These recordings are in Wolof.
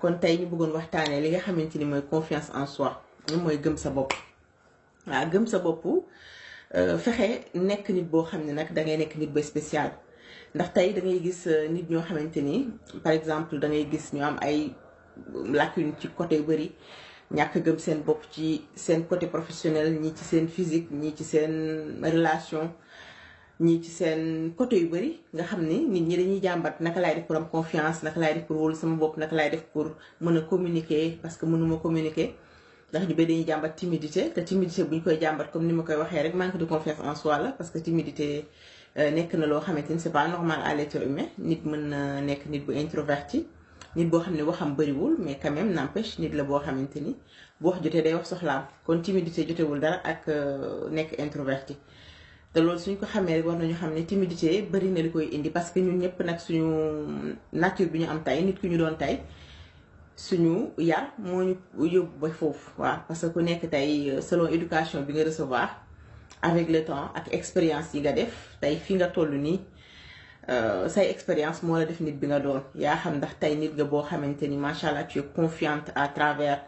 kon tey ñu bëggoon waxtaanee li nga xamante ni mooy confiance en soi mooy gëm sa bopp waaw gëm sa bopp euh, fexe nekk nit boo xam ne nag da ngay nekk nit ba spécial ndax tey da gis euh, nit ñoo xamante ni par exemple da ngay gis ñu am ay lacune ci côté bëri ñàkk gëm seen bopp ci seen côté professionnel ñii ci seen physique ñii ci seen relation. ñii ci seen côté yu bëri nga xam ni nit ñi dañuy jàmbat naka laay def pour am confiance naka laay def pour wóolu sama bopp naka laay def pour mën a communiqué parce que mënuma communiquer ndax ñu bëri dañuy jàmbat timidité te timidité bu ñu koy jàmbat comme ni ma koy waxee rek manque de confiance en soi la parce que timidité euh, nekk na loo xamante ni c'est pas normal à nit mën na nekk nit bu introverti nit boo xam ne waxam bëriwul mais quand même n'empêche nit la boo xamante ni bu jotee day wax soxlaam kon timidité jotewul dara ak euh, nekk introverti te loolu suñ ko xamee rek war nañu xam ne timidité bari na li koy indi parce que ñun ñëpp nag suñu nature bi ñu am tay nit ku ñu doon tay suñu yar moo ñu yóbbu foofu waa parce que ku nekk tey euh, selon éducation bi nga recevoir avec le temps ak expérience yi nga def tey fi nga toll nii euh, say expérience moo la def nit bi nga doon yaa xam ndax tey nit nga boo xamante ni macha allah tu es confiante à travers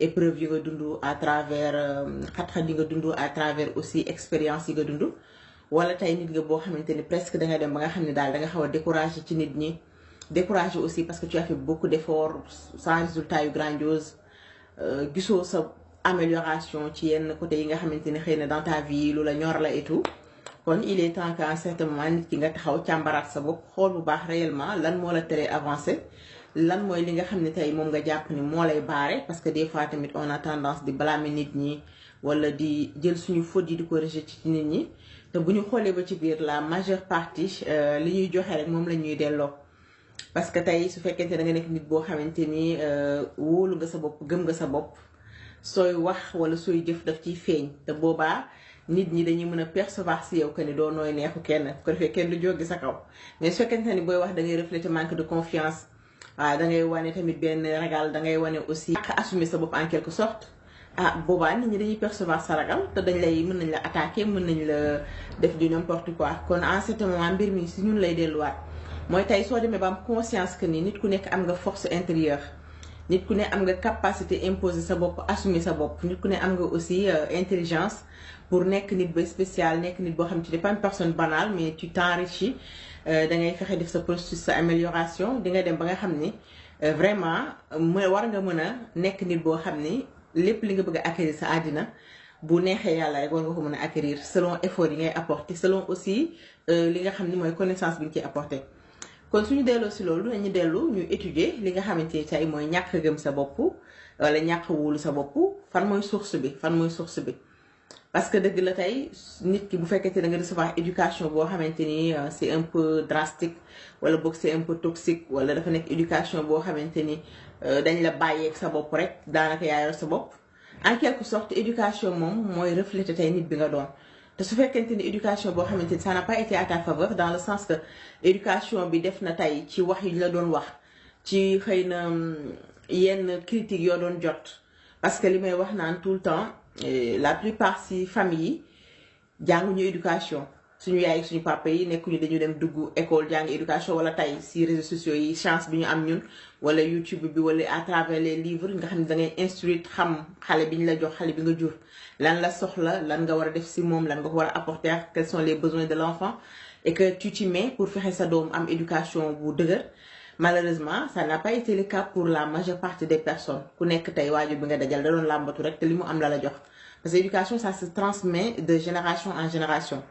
épreuve yi nga dund à travers euh, xat-xat yi nga dund à travers aussi expérience yi nga dund wala tey nit nga boo xamante ni presque danga dem ba nga xam ne daal danga xaw a découragé ci nit ñi découragé aussi parce que tu as fait beaucoup d'efforts sans résultat yu grandiose euh, gisoo sa amélioration ci yenn côté yi nga xamante ni xëy na dans ta la ñor la et kon il est temps qu'à un certain nit ki nga taxaw càmbaraat sa bopp xool bu baax réellement lan moo la teree avancé lan mooy li nga xam ne tey moom nga jàpp ni moo lay baare parce que des fois tamit on a tendance di blâmer nit ñi wala di jël suñu faute yi di ko rejeter ci nit ñi te bu ñu xoolee ba ci biir la majeure partie euh, li ñuy joxe rek moom la ñuy delloo parce que tey su fekkente da nga nekk nit boo xamante ni euh, wóolu nga sa bopp gëm nga sa bopp sooy wax wala sooy jëf daf ciy feeñ te boobaa nit ñi dañuy mën a percevoir si yow que ni doo nooy neexu kenn bu ko defee kenn du jóggi sa kaw mais su fekkente ni booy wax da ngay refléter manque de confiance waaw da ngay wane tamit benn ragal da ngay wane aussi. ak assumer sa bopp en quelque sorte. ah boobaa nit ñi dañuy percevoir sa ragal te dañ lay mën nañ la attaquer mën nañ la def du n'importe quoi kon en ce moment mbir mi si ñun lay delluwaat mooy tey soo demee ba am conscience que ni nit ku nekk am nga force intérieure nit ku ne am nga capacité imposer sa bopp assumer sa bopp nit ku ne am nga aussi euh, intelligence pour nekk nit ba spécial nekk nit boo xam ne tu n'es pas une personne banale mais tu t'enrichis euh, da ngay fexe def sa processus sa amélioration di nga dem ba nga xam ni euh, vraiment mu war nga mën a nekk nit boo xam ni lépp li nga bëgg a acquérir sa àddina bu neexee yàlla rek war nga ko mën a acquérir selon effort yi ngay apporter salon aussi euh, li nga xam ni mooy connaissance bi nga ciy apporter. kon suñu delloo si loolu nañu dellu ñu étudier li nga xamante ni tey mooy ñàkk gëm sa bopp wala ñàkk wóolu sa bopp fan mooy source bi fan mooy source bi. parce que dëgg la tey nit ki bu fekkee da nga recevoir éducation boo xamante ni euh, si un peu drastique wala boog c'est un peu wala dafa nekk éducation boo xamante ni Euh, dañ la bàyyeek sa bopp rek daanaka yaa sa bopp en quelque sorte éducation moom mooy refléter tey nit bi nga doon te su fekkente ni éducation boo xamante ni ça n'a pas été à ta faveur dans le sens que éducation bi def na tey ci wax yu ñu la doon wax ci xëy na mm, yenn critique yoo doon jot parce que li may wax naan tout le temps la plupart si famille yi ñu éducation suñu yaay suñu papa yi nekkuñu dañu dem dugg école jàng éducation wala tey si yi chance bi ñu am ñun wala YouTube bi wala à travers les livres nga xam ne da ngay xam xale bi ñu la jox xale bi nga jur lan la soxla lan nga war a def si moom lan nga ko war a apporter quels sont les besoins de l' et que tu t'y mets pour fexe sa doom am éducation bu dëgër malheureusement ça n'a pas été le cas pour la majeure partie des personnes ku nekk tey waajur bi nga dajal da doon làmbatu rek te li mu am la la jox parce que éducation ça se transmet génération en génération.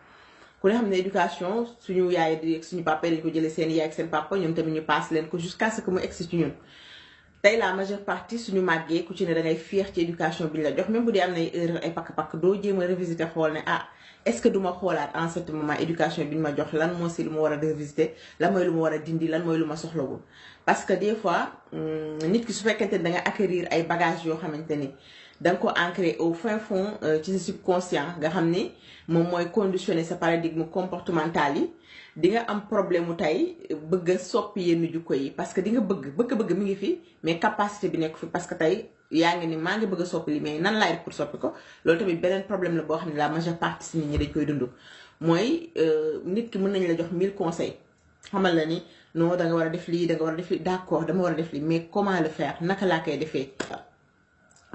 ku ne xam ne éducation suñu yaay ak suñu papa dañ ko jëlee seen yaay ak seen papa ñoom tamit ñu paas leen ko jusqu'à ce que mu egsi ci ñun tey la majeure partie suñu màggee ku ci ne da ngay ci éducation bi ñu la jox même bu dee am na ay ay pakk-pakk doo jéem a revisiter xool ne ah est-ce que du ma xoolaat en éducation bi ñu ma jox lan moo si lu ma war a revisiter lan mooy lu ma war a dindi lan mooy lu ma soxlawul. parce que des fois nit ki su fekkente ne da ay bagages yoo xamante ni. da ko ancré au fin fond euh, ci sa subconscient nga xam ni moom mooy conditionné sa paradigme comportemental yi di nga am problème mu tey bëgg a soppi yenn jukko yi parce que di nga bëgg bëgg-bëgg mi ngi fi mais capacité bi nekk fi parce que tey yaa ngi ni maa ngi bëgg a soppi li mais nan laay pour soppi ko loolu tamit beneen problème la boo xam ne la majeure partie si nit ñi dañ koy dundu mooy euh, nit ki mën nañu la jox mille conseil xamal la ni non da nga war a def lii da nga war a def dama war a def lii mais comment le naka laa koy defee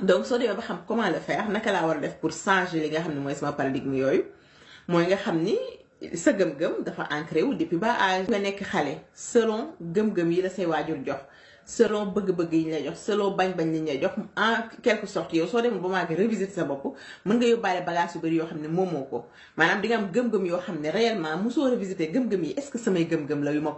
donc soo demee ba xam comment le faire naka laa war a def pour changer li nga xam ne mooy sama paradigme yooyu mooy nga xam ni sa gëm-gëm dafa ancré wu depuis ba âge nga nekk xale selon gëm-gëm yi la say waajur jox selon bëgg-bëgg yi ñu jox selon bañ-bañ yi ñu lay jox en quelque sorte yow soo demee ba maa ngi sa bopp mën nga yóbbaale bagage yu bëri yoo xam ne moomoo ko maanaam di nga am gëm-gëm yoo xam ne réellement mosoo revisiter gëm-gëm yi est-ce que samay gëm-gëm la yu ma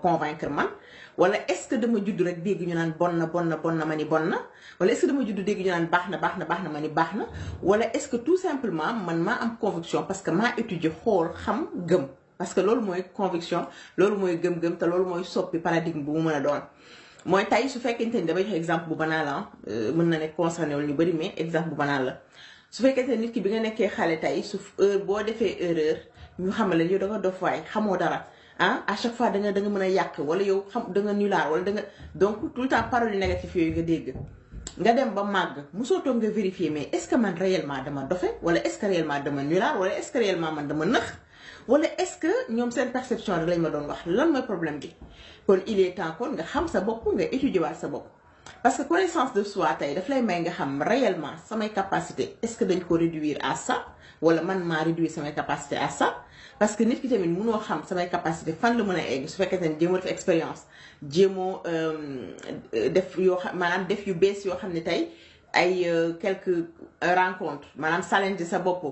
wala est-ce que dama judd rek dégg ñu naan bon na bon na bon na ma ni bon na wala est-ce que dama judd dégg ñu naan baax na baax na baax na ma ni baax na wala est-ce que tout simplement man maa am conviction parce que maa étudier xool xam gëm parce que loolu mooy conviction loolu mooy gëm-gëm te loolu mooy soppi paradigme bu mu mën a doon mooy tey su fekkente ni damay joxe exemple bu banaa ah, la euh, mën na ne concerné wul ñu bëri mais exemple bu banal la su fekkente nit ki bi nga nekkee xale tey su heure boo defee erreur ñu xamale yow da nga dof xamoo dara ah à chaque fois da nga nga mën a yàq wala yow xam da nulaar wala da nga donc tout le temps paroles négatives yooyu nga dégg nga dem ba màgg mosoo toog nga vérifier mais est-ce que man réellement dama dofe wala est-ce que réellement dama nulaar wala est-ce que man dama wala est-ce que ñoom seen perception rek lañ ma doon wax lan mooy problème bi kon il est temps kon nga xam sa bopp nga étudier waat sa bopp parce que connaissance de soi tey daf lay may nga xam réellement sama capacité est-ce que dañ ko réduire à ça wala man maa réduire samay à ça parce que nit ki tamit mënoo xam samay capacité fan la mën a egg su fekkee ne jéemoo def expérience jéemo euh, def yoo xam def yu bees yoo xam ne tey ay euh, quelques rencontre maanaam challenge sa bopp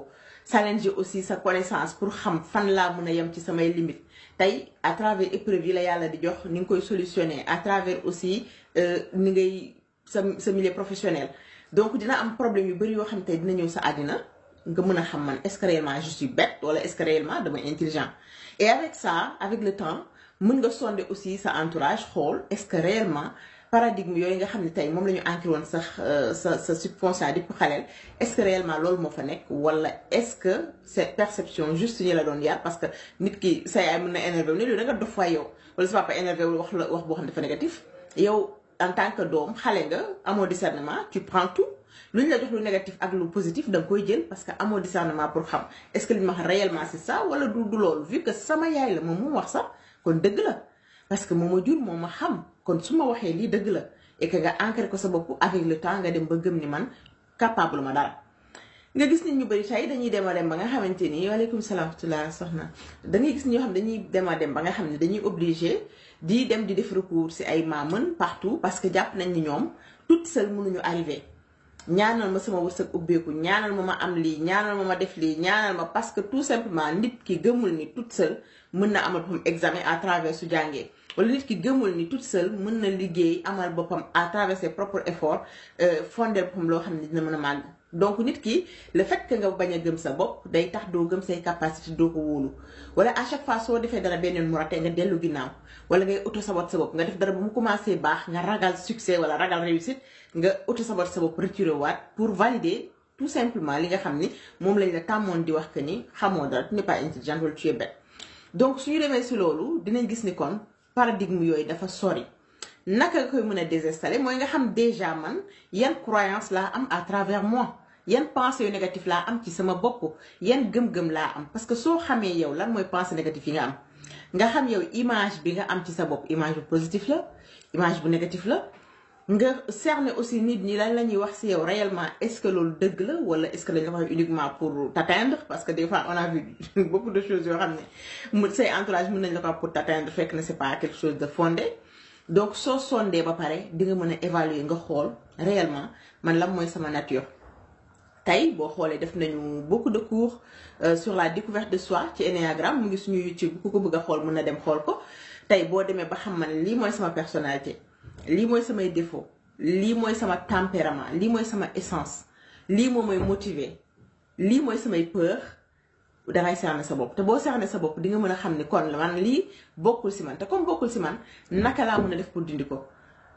challenge aussi sa connaissance pour xam fan laa mun a yem ci samay limites tey à travers épreuve yi la yàlla di jox ni nga koy solutionner à travers aussi euh, ni ngay sa sa milieu professionnel donc dina am problème yu bari yoo xam ne tey dina ñëw sa àddina nga mën a xam man est-ce que réellement je suis bête wala est-ce que réellement dama intelligent et avec ça avec le temps mën nga sonder aussi sa entourage xool est-ce que réellement paradigme yooyu nga xam ne tey moom la ñu ancré woon sax euh, sa sa subconscient di xaleel est-ce que réellement loolu moo fa nekk wala est-ce que cette perception juste ñu la doon yar parce que nit ki sa yaay mën na énervé wu ne da dof waay yow wala sa papa énervé wax la wax boo xam ne dafa négatif yow en tant que doom xale nga amoo discernement lu ñu la lu négatif ak lu positif danga koy jël parce que amoo discernement pour xam est-ce que li ma wax réellement c'est ça wala du du loolu vu sama yaay la moom mu wax sax kon dëgg la parce que moom ma jur moo ma xam kon su ma waxee lii dëgg la et ko sa bopp avec le temps nga dem ba gëm ni man capable ma dara. nga gis nit ñu bëri tey yi dem a dem ba nga xamante ni waaleykum salaam tula soxna da gis ñoo xam dañuy dem a dem ba nga xam ne dañuy obligé di dem di def recours ci ay maamën partout parce que jàpp nañ ni ñoom toute seule mënuñu arrivé. ñaanal ma sama wërsëg ubbeeku ñaanal ma ma am lii ñaanal ma ma def lii ñaanal ma parce que tout simplement nit ki gëmul ni toute seule mën na amal boppam examen à travers su jàngee wala nit ki gëmul ni toute seule mën na liggéey amal boppam à traverse ses propres efforts euh, fonder boppam loo xam ne dina mën a màgg donc nit ki la fekk nga bañ a gëm sa bopp day tax doo gëm say capacité doo ko wóolu wala à chaque fois soo defee dara beneen mu raté nga dellu ginnaaw wala ngay auto sabote sa bopp nga def dara ba mu commencé baax nga ragal succès wala ragal réussite nga auto sabote sa bopp retiré waat pour valider tout simplement li nga xam ni moom lañ la tàmmoon di wax que ni xamoo dara tu n'es pas intelligent wala tu es bête donc suñu demee si loolu dinañ gis ni kon paradigme yooyu dafa sori. naka nga koy mën a désinstaller mooy nga xam déjà man yan croyance laa am à travers moi yan pensées yu négatif laa am ci sama bopp yan gëm-gëm laa am parce que soo xamee yow lan mooy pensée négatif yi nga am nga xam yow image bi nga am ci sa bopp image bu positif la image bu négatif la nga cerner aussi nit ñi lan la ñuy wax si yow réellement est-ce que loolu dëgg la wala est-ce que dañ la uniquement pour t'atteindre parce que des on a vu beaucoup de choses donc soo sondee ba pare di nga mën a évaluer nga xool réellement man lam mooy sama nature tey boo xoolee def nañu bokk de cours euh, sur la découverte de soit ci Enneagram mu ngi suñu YouTube ku ko bëgg a xool mun na dem xool ko tey boo demee ba xam man lii mooy sama personnalité lii mooy samay défaut lii mooy sama tempérament lii mooy sama essence lii moom mooy motiver lii mooy samay peur dangay cerner sa bopp te boo cerner sa bopp di nga mën a xam ni kon man lii bokkul si man te comme bokkul si man naka laa mën a def pour dindi ko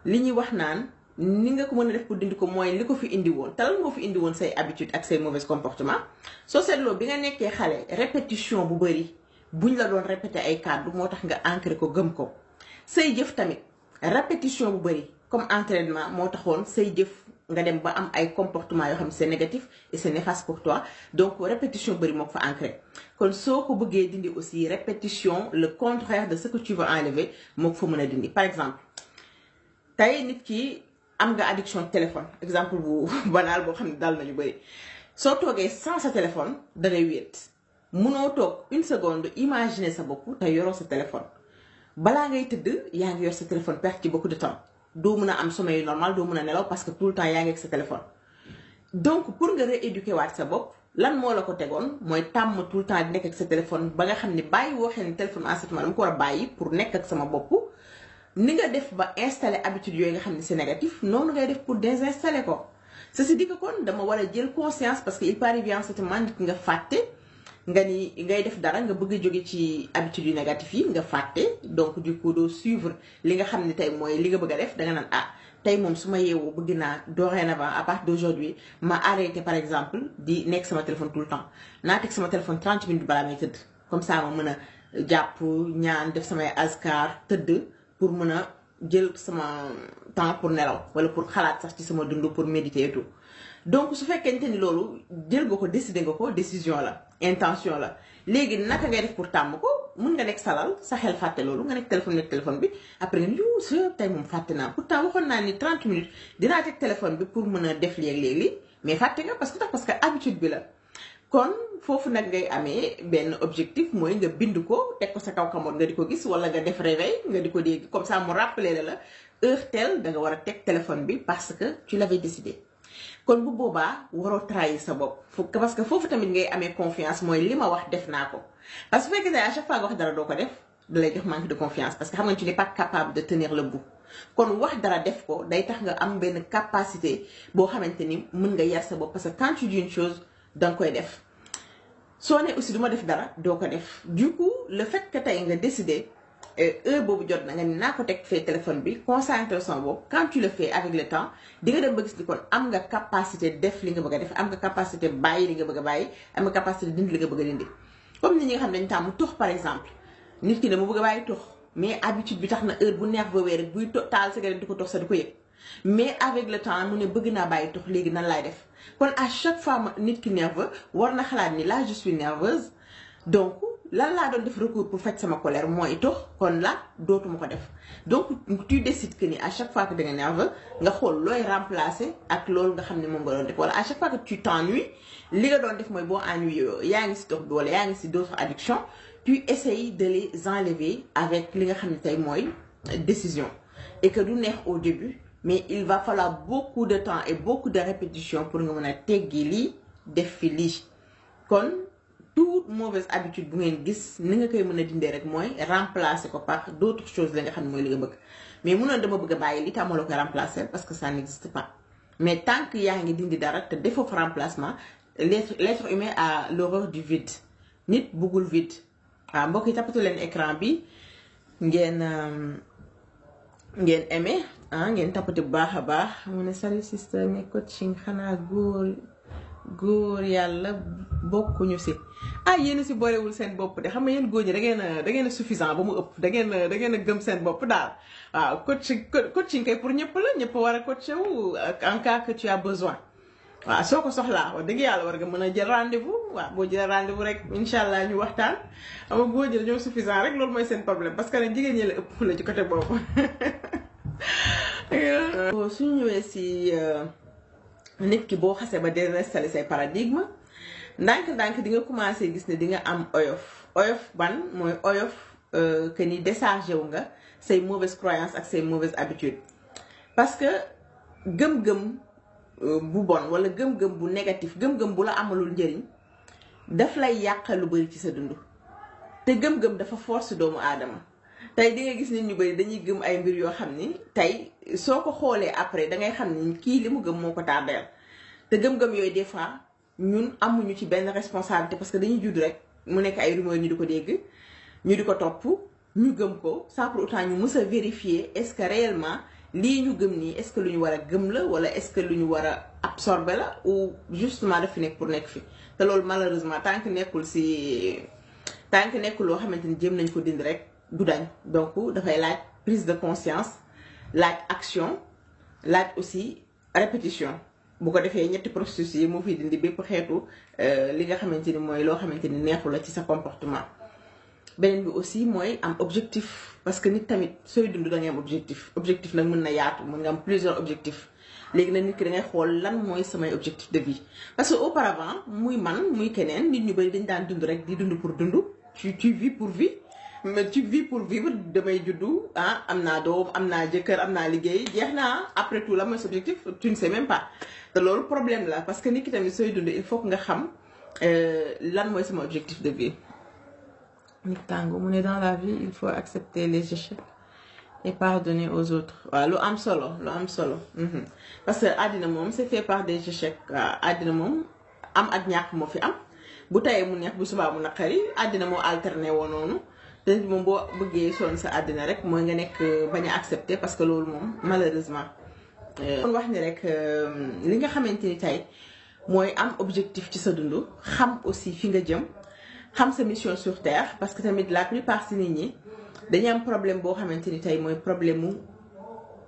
li ñuy wax naan ni nga ko mën a def pour dindi ko mooy li ko fi indi woon te lan moo fi indi woon say habitude ak say mauvais comportement soo seetloo bi nga nekkee xale répétition bu bëri ñu la doon répété ay kàddu moo tax nga ancré ko gëm ko say jëf tamit répétition bu bëri comme entraînement moo taxoon say jëf nga dem ba am ay comportement yoo xam ne c'est négatif et c'est néfaste pour toi donc répétition bëri moo ko fa ancré kon soo ko bëggee dindi aussi répétition le contraire de ce que tu enlever moo ko fa mën a dindi par exemple tey nit ki am nga addiction téléphone exemple bu banal boo xam ne dal nañu bëri soo toogee sans sa téléphone da ngay wéet munoo toog une seconde imaginer sa bopp te yoroo sa téléphone balaa ngay tëdd yaa ngi yor sa téléphone perte de temps doo mën a am sommeil normal doo mën a nelaw parce que tout le temps yaa ngi ak sa téléphone donc pour nga rééduquer waat sa bopp lan moo la ko tegoon mooy tàmm tout temps di nekk ak sa téléphone ba nga xam ni bàyyi woo xel ni téléphone en ce dama ko war a bàyyi pour nekk ak sama bopp ni nga def ba installer habitude yooyu nga xam ne c'est négatif noonu ngay def pour désinstaller ko ceci dit que kon dama war a jël conscience parce que il peut arriver en nga fàtte nga ni ngay def dara nga bëgg a jóge ci habitude yu négatif yi nga fàtte donc du coup doo suivre li nga xam ne tey mooy li nga bëgg a def danga naan ah tey moom su ma yeewoo bëgg naa dorénavant à partir d'aujourd'hui ma arrêté par exemple di nekk sama téléphone tout temps naa teg sama téléphone 30 minutes balaa may tëdd comme saa ma mën a jàpp ñaan def samay askar tëdd pour mën a jël sama temps pour nelaw wala pour xalaat sax ci sama dund pour méditer et tout donc su fekkente ni loolu jël nga ko décider nga ko décision la intention la léegi naka ngay def pour tàmm ko mun nga nekk salal sa xel fàtte loolu nga nekk téléphone nekk téléphone bi après nga yu sa naa pourtant waxoon naa ni 30 minutes dinaa teg téléphone bi pour mën a def léeg-léeg li mais fàtte nga parce que tax parce que habitude bi la kon foofu nag ngay amee benn objectif mooy nga bind ko teg ko sa kaw kamoon nga di ko gis wala nga def réveil nga di ko dégg comme ça mu rappelé la la heure telle war a teg téléphone bi parce que tu l'avais décidé kon bu boobaa waroo trahir sa bopp fu parce que foofu tamit ngay amee confiance mooy li ma wax def naa ko parce que bu fekkee à chaque nga wax dara doo ko def da lay jox manque de confiance parce que xam nga tu n'es pas capable kon wax dara def ko day tax nga am benn capacité boo xamante ni mun nga yar sa bopp parce que quand tu dis chose danga koy def soo ne aussi du ma def dara doo ko def du coup le fait que tey nga décider. Euh, heure boobu jot na nga ni naa ko teg fee téléphone bi concentré son boobu quand tu le avec le temps di dem ba gis kon am nga capacité def li nga bëgg a def am nga capacité bàyyi li nga bëgg a bàyyi am nga capacité dindi li nga bëgg a dindi comme nit ñi nga xam ne dañu tàmm tux par exemple nit ki ne mu bëgg a bàyyi tux mais habitude bi tax na heure bu neex ba weer rek buy taal cigarette di ko tox sa di ko yëg mais avec le temps mu ne bëgg naa bàyyi tux léegi nan laay def kon à chaque nit ki nerveux war na xalaat ni là je suis donc lan laa doon def recours bu faj sama colère mooy tox kon la dootuma ko def donc tu décides que ni à chaque fois que da nga nerveux nga xool looy remplacer ak loolu nga xam ne moom nga doon def wala à chaque fois que tu t'ennuies li nga doon def mooy boo ennuyoo yaa ngi si tox bi yaa ngi si d'autres addictions tu essayes de les enlever avec li nga xam ne tey mooy décision et que du neex au début mais il va falloir beaucoup de temps et beaucoup de répétition pour nga mën a teggi lii def fi lii tout mauvaise habitude bu ngeen gis ni nga koy mën a dindee rek mooy remplacer ko par d' autres choses la nga xam ne mooy li nga bëgg mais munoon dama bëgg bàyyi li tàmmaloo koy remplacer parce que ça n' existe pas mais tant que yaa ngi dindi dara te defoo fa remplacement l'être l'être humain a l'horreur du vide nit bëggul vide waaw ah, mbokk yi tapatu leen écran bi ngeen euh, ngeen aimé ah ngeen tapati bu baax a baax mu ne salut sister mais coaching xanaa góor góor yàlla bokkuñu si ah yéen si boolewul seen bopp de xam nga yéen góor ñi da dangeen a da ngeen a suffisant ba mu ëpp da ngeen a da gëm seen bopp daal waaw coaching coaching kay pour ñëpp la ñëpp war a coaché wu en cas waaw soo ko soxlaa wax dëgg yàlla war nga mën a jël rendez-vous waaw boo jëlee rendez-vous rek incha allah ñu waxtaan xam nga góor ñi dañoo suffisant rek loolu mooy seen problème parce que nag jigéen ñi la ëpp la ci côté suñu ñëwee si euh, nit ki boo xasee ba désinstallé say paradigme. ndànk-ndànk di nga commencé gis ne dinga am oyof oyof ban mooy oyof euh, que ni déchargé wu nga say mauvaise croyance ak say mauvaise habitude parce que gëm-gëm euh, bu bon wala gëm-gëm bu négatif gëm-gëm bu la amalul njëriñ daf lay yàqal lu bari ci sa dund te gëm-gëm dafa force doomu aadama tey di nga gis nit ñu bari dañuy gëm ay mbir yoo xam ni tey soo ko xoolee après da ngay xam ni kii li mu gëm moo ko tardeel te gëm-gëm yooyu des fois ñun amuñu ci benn responsabilité parce que dañuy judd rek mu nekk ay rumeur ñu du ko dégg ñu di ko topp ñu gëm ko sans pour autant ñu mës vérifier est-ce que réellement lii ñu gëm nii est-ce que lu ñu war a gëm la wala est-ce que lu ñu war a absorber la ou justement daf fi nekk pour nekk fi te loolu malheureusement tant que nekkul si tant que nekkul loo xamante ni jëm nañ ko dindi rek du dañ donc dafay laaj prise de conscience laaj action laaj aussi répétition bu ko defee ñetti processus yi moo fi dindi bépp xeetu euh, li nga xamante ni mooy loo xamante ni neexu la ci sa comportement beneen bi aussi mooy am objectif parce que nit tamit sooy dund da ngay am objectif objectif nag mën na yaatu mën nga am plusieurs objectifs léegi nag nit ki da xool lan mooy samay objectif de vie parce que auparavant muy man muy keneen nit ñu bëri dañ daan dund rek di dund pour dund tu tu vis pour vie ci vie pour vivre damay juddu ah am naa doom am naa jëkkër am naa liggéey jeex naa après tout la mooy subjectif tu ne sais même pas te loolu problème la parce que nit ki tamit sooy dund il nga xam euh, lan mooy sama objectif de vie. nit tàngu mu ne dans la vie il faut accepter les échecs et pardonner aux autres waaw lu am solo lu am solo mhm. parce que àddina moom c'est fait par des échecs waaw àddina moom am ak ñàkk moo fi am bu tayee mu neex bu subaa mu naqari àddina moo alterné woo noonu. nit moom boo bëggee sonn sa àddina rek mooy nga nekk bañ a parce que loolu moom malheureusement. Euh, kon wax ni rek euh, li nga xamante ni tey mooy am objectif ci sa dund xam aussi fi nga jëm xam sa mission sur terre parce que tamit la plupart si nit ñi dañu am problème boo xamante ni tey mooy problème mu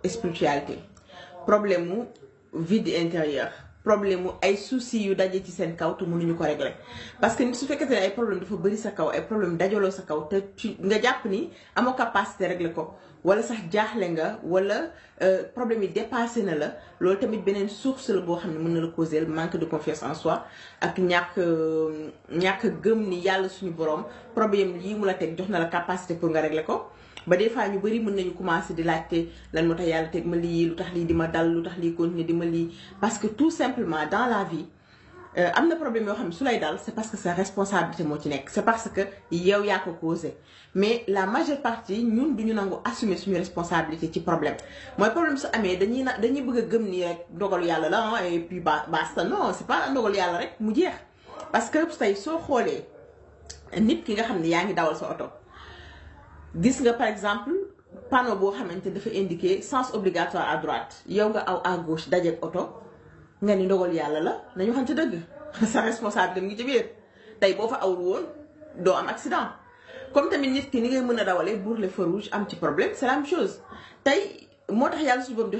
spiritualité problème mu vide intérieur. problème mu ay soucis yu daje ci seen kaw te ñu ko régler parce que nit su fekkee ne ay problème dafa bëri sa kaw ay problème dajaloo sa kaw te ci nga jàpp ni amoo capacité régler ko wala sax jaaxle nga wala euh, problème yi dépassé na la loolu tamit beneen source la boo xam ne mën na la causer manque de confiance en soi ak ñàkk euh, ñàkk gëm ni yàlla suñu borom problème yi mu la teg jox na la capacité pour nga régler ko ba des fois ñu bëri mën nañu commencé di laajte lan moo tax yàlla teg ma lii lu tax lii di ma dal lu tax lii continuer di ma lii parce que tout simplement dans la vie euh, am na problème yoo xam ne su lay dal c'est parce que sa responsabilité moo ci nekk c'est parce que yow yaa ko causé mais la majeure partie ñun duñu nangu assumer suñu responsabilité ci problème mooy problème su amee dañuy na dañuy bëgg a gëm nii rek ndogalu yàlla la ah, et puis ba basta non c'est pas ndogalu yàlla rek mu jeex parce que say soo xoolee nit ki nga xam ne yaa ngi dawal sa oto gis nga par exemple panneau boo xamante dafa indiqué sens obligatoire à droite yow nga aw à gauche dajeeg oto nga ni ndogal yàlla la nañu xam ci dëgg sa responsable ngi ci biir tey boo fa awul woon doo am accident. comme tamit nit ki ni ngay mën a dawalee bourle feu rouge am ci problème c'est la même chose tey moo tax yàlla suñu borom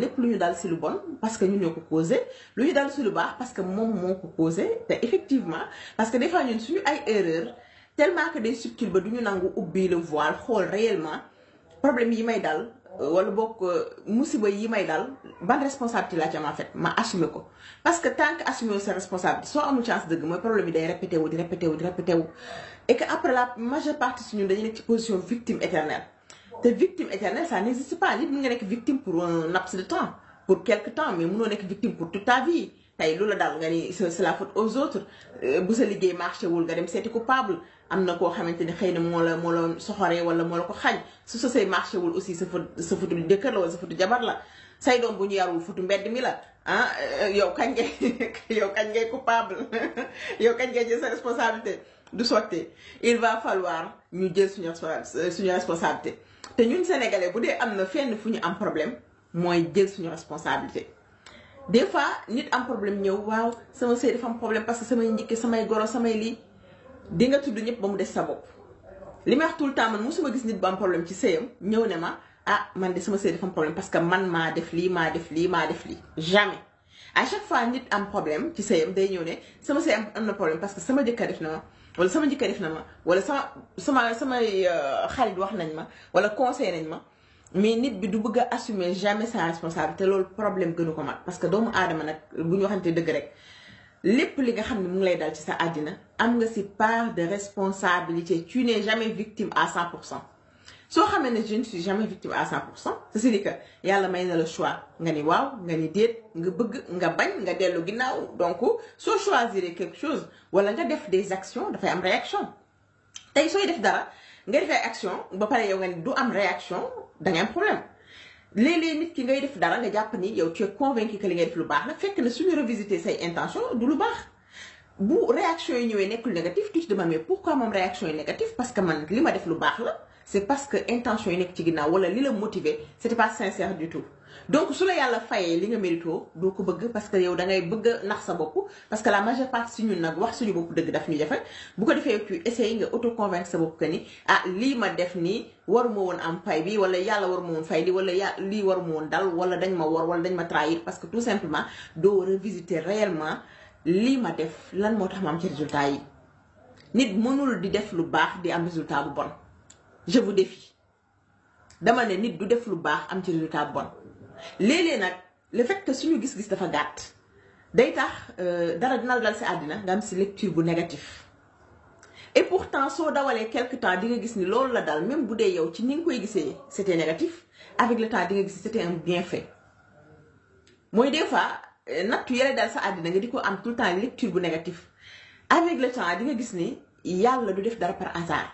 lépp lu ñu dal si lu bon parce que ñun ñoo ko causé lu ñu dal si lu baax parce que moom moo ko causé te effectivement parce que des fois ñun suñu ay erreur tellement que day subtil ba du ñu nangu ubbi le voile xool réellement problème yi may dal euh, wala bokk euh, musiba yi may dal ban responsabilité laa ci am en fait ma assumer ko parce que tant que assumer sa responsabilité soo amul chance dëgg mooy problème yi day répété wu di répété wu di répété wu et que après la majeure partie suñu dañu nekk ci position victime éternelle te victime éternelle ça n'existe pas nit ñi nga nekk victime pour un de temps tey lu la dal nga ni c'est la faute aux autres euh, bu sa liggéey marché wul nga dem seeti coupable am na koo xamante ni xëy na moo la moo la soxoree wala moo la ko xañ su sa say marché wul aussi sa fa sa futu jëkkër la wala sa futu jabar la say doom bu ñu yarul futu mbedd mi la ah euh, yow kañ ngay yow ngay coupable yow kañ ngay jël sa responsabilité du sotti il va falloir ñu jël suñu euh, suñu responsabilité te ñun sénégalais bu dee am na fenn fu ñu am problème mooy jël suñu responsabilité des fois nit am problème ñëw waaw sama sëy dafa problème parce que samay njëkk samay goro samay lii di nga tudd ñëpp ba mu des sa bopp. li ma wax tout le temps man musuma gis nit bu am problème ci sëyam ñëw ne ma ah man de sama sëy dafa am problème parce que man maa def lii maa def lii maa def lii. jamais chaque fois nit am problème ci sëyam day ñëw ne sama sëy am am na problème parce que sama jëkkër def na ma wala sama jëkkër def na ma wala sama sama samay euh, xarit wax nañ ma wala conseil nañ ma. mais nit bi du bëgg a assumer jamais sa te loolu problème gënu ko mag parce que doomu aadama nag bu ñu waxante dëgg rek lépp li nga xam ne mu ngi lay dal ci sa àddina am nga si part de responsabilité tu n'es jamais victime à 100 pour cent soo xamee ne je ne suis jamais victime à 100 pour cent ceci dit que yàlla may na la choix nga ni waaw nga ni déet nga bëgg nga bañ nga dellu ginnaaw donc soo choisir quelque chose wala nga def des actions dafay am réaction tey sooy def dara nga action ba pare yow nga du am réaction da am problème léeg-léeg nit ki ngay def dara nga jàpp ni yow tu es convaincu li ngay def lu baax nag fekk na suñu revisiter say intention du lu baax bu réaction yi ñëwee nekkul négatif tu te demandes mais pourquoi moom réaction yi négatif parce que man li ma def lu baax la c'est parce que intention yi nekk ci ginnaaw wala li la motiver c'était pas sincère du tout donc su la yàlla fayee li nga mérito doo ko bëgg parce que yow da ngay bëgg a nax sa bopp parce que la majeure partie ñu nag wax suñu bopp dëgg daf ñu jafe bu ko defee tu essayer nga auto convaincre sa bopp ah, lii ma def nii waruma woon am fay bi wala yàlla waruma woon fay li wala yà lii waruma woon dal wala dañ ma war wala dañ ma trahir parce que tout simplement doo revisiter réellement lii ma def lan moo tax ma am ci résultat yi nit mënul di def lu baax di am résultat bu bon je vous défie ne nit du def lu baax am ci résultat bu léeg-léeg nag le fait que suñu gis-gis dafa gàtt day tax euh, dara dina dal si àddina nga am si lecture bu négatif et pourtant soo dawalee quelque temps di nga gis ni loolu la dal même bu dee yow ci ni nga koy gisee c'était négatif avec le temps di nga gis c'était un bienfait mooy des fois euh, nattu yële dal sa àddina nga di ko am tout le temps lecture bu négatif avec le temps di nga gis ni yàlla du def dara par hasard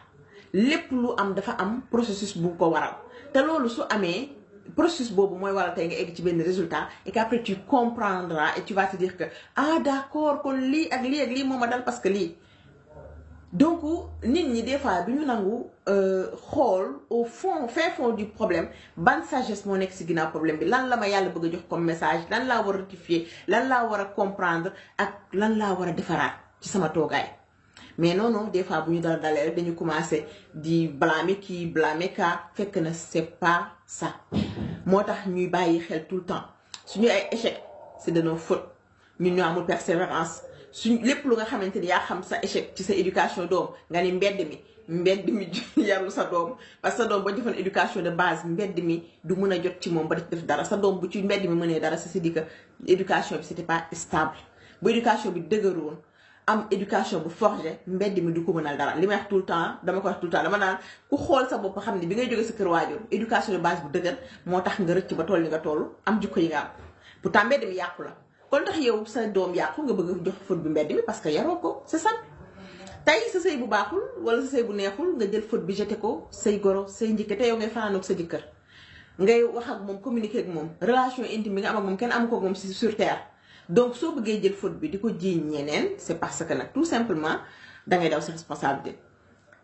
lépp lu am dafa am processus bu ko waral te loolu su amee. processus boobu mooy waral tey nga egg ci benn résultat et qu'après tu comprendras et tu vas te dire que ah d'accord kon lii ak lii ak lii moo ma dal parce que lii donc nit ñi des fois bi ñu nangu euh, xool au fond fin fond du problème ban sagesse moo nekk si ginnaaw problème bi lan la ma yàlla bëgg a jox comme message lan laa war a rectifier lan laa war a comprendre ak lan laa war a defaraat ci sama toogaay mais noonu non des fois bu ñu dara dalee rek dañu commencé di blâmer kii blâmer kaa fekk na c'est pas ça moo tax ñuy bàyyi xel tout le temps suñu ay échec c'est de nos fautes ñun ñoo amul persévérance suñ lépp lu nga xamante ni yaa xam sa échec ci sa éducation doom nga ni mbedd mi mbedd mi yarul sa doom parce que sa doom de base mbedd mi du mën a jot ci moom dara sa doom bu ci mbedd mi mënee dara c'est-à-dire que éducation bi c'était pas stable bu éducation bi dëgëroon am éducation bu forgé mbedd mi du ko mënal dara li may wax tout le temps dama ko wax tout le temps dama naan ku xool sa bopp xam ne bi ngay jógee sa kër waajur éducation de base bu dëgër moo tax nga rëcc ba toll ni nga toll am jikko yi nga am mbedd mi yàqu la kon tax yow sa doom yàqu nga bëgg jox fët bi mbedd mi parce que yaroo ko c'est ça tey sa sëy bu baaxul wala sa sëy bu neexul nga jël fët bi jeté ko say goro say njëkke te yow ngay fanaanoog sa jëkkër ngay wax ak moom communiquer ak moom relation intime bi nga am ak moom kenn ko moom si sur donc soo bëggee jël faute bi di ko jiiñ ñeneen c'est parce que nag tout simplement da ngay daw sa responsabilité.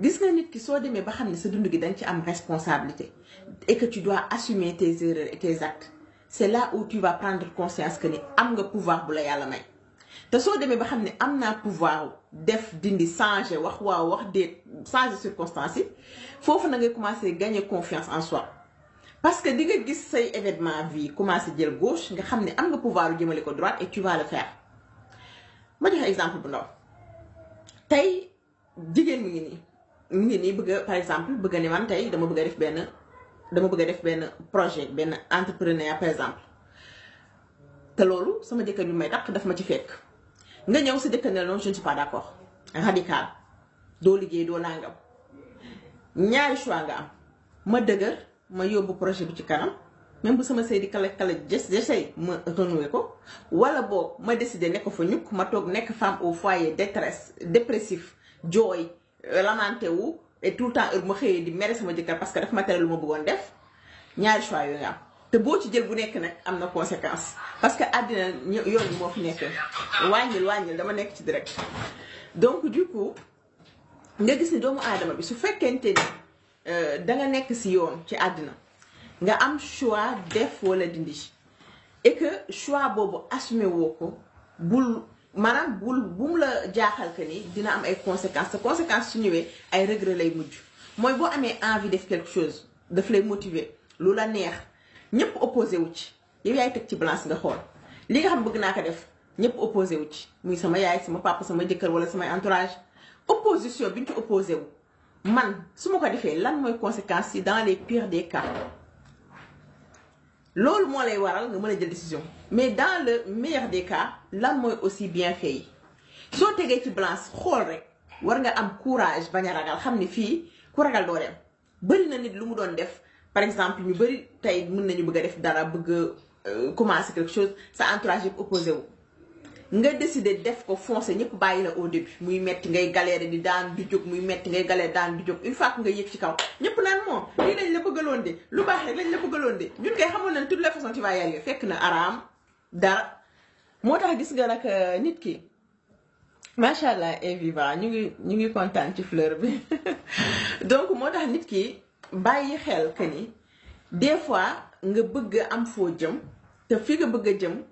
gis nga nit ki soo demee ba xam ne sa dund gi dañ ci am responsabilité et que tu dois assumer tes erreurs et tes actes c'est là où tu vas prendre conscience que ni am nga pouvoir bu la yàlla may. te soo demee ba xam ne am naa pouvoir def dindi changer wax waaw wax déet changer circonstances yi foofu na ngay commencer gagner confiance en soi. parce que di nga gis say événement vie commencé jël gauche nga xam ne am nga pouvoir jëmale ko droite et tu a le ma joxe exemple bu ndaw tey jigéen mi ngi nii mi ngi nii bëgg a par exemple bëgg ni man tey dama bëgg a def benn dama bëgg a def benn projet benn entrepreneur par exemple te loolu sama jëkkër ñu may takk daf ma ci fekk nga ñëw sa jëkkër ne noonu je ne suis pas d'accord radical doo liggéey doo nangam ñaari choix nga am ma dëgër. ma yóbbu projet bi ci kanam même bu sama sëy di kale kale jës j'essaye ma renouer ko wala boo ma décidé ne ko fa ñukk ma toog nekk femme au foyer détresse dépressif jooy euh, lamenté wu et tout le temps heure ma xëyee di mere sama jëkkër parce que daf ma tere lu ma bëggoon def ñaari choix yooyu nga te boo ci jël bu nekk nag am na conséquence parce que àddina yoon yi moo fi nekkee wàññil wàññil dama nekk ci direct donc du coup nga gis ni doomu aadama bi su fekkente ni Euh, da nga nekk si yoon ci àddina nga am choix def wala dindi et que choix boobu assumé woo ko bul maanaam bul bu mu la jaaxal que ni dina am ay conséquences te conséquences su ñëwee ay regret lay mujj mooy boo amee envie def quelque chose daf lay motiver lu la neex ñëpp opposé wu ci yow yaay teg ci balance nga xool li nga xam bëgg naa ko def ñëpp opposé wu ci muy sama yaay sama papa sama jëkkër wala samay entourage opposition bi ñu ci opposé wu. man su ma ko defee lan mooy conséquence yi dans les pires des cas loolu moo lay waral nga mën a jël décision mais dans le meilleur de cas lan mooy aussi bienfait yi soo tegee ci balance xool rek war nga am courage bañ a ragal xam ni fii ku ragal doo dem bëri na nit lu mu doon def par exemple ñu bëri tey mun nañu bëgg a def dara bëgg a euh, commencer quelque chose sa entourage yëpp opposé wu. nga décider def ko foncer ñëpp bàyyi la au début muy metti ngay galérer di daan di jóg muy metti ngay galérer daan di jóg une fois que nga yëg ci kaw ñëpp naan moom lii lañ la bëggaloon de lu baax rek lañ la bëggaloon de ñun kay xamoon nañ toutes les façons tu vas y yi fekk na araam dara moo tax gis nga nag euh, nit ki macha allah et vivant ñu ngi ñu ngi kontaan ci fleur bi donc moo tax nit ki bàyyi xel que ni des fois nga bëgg am foo jëm te fi nga bëgg a jëm.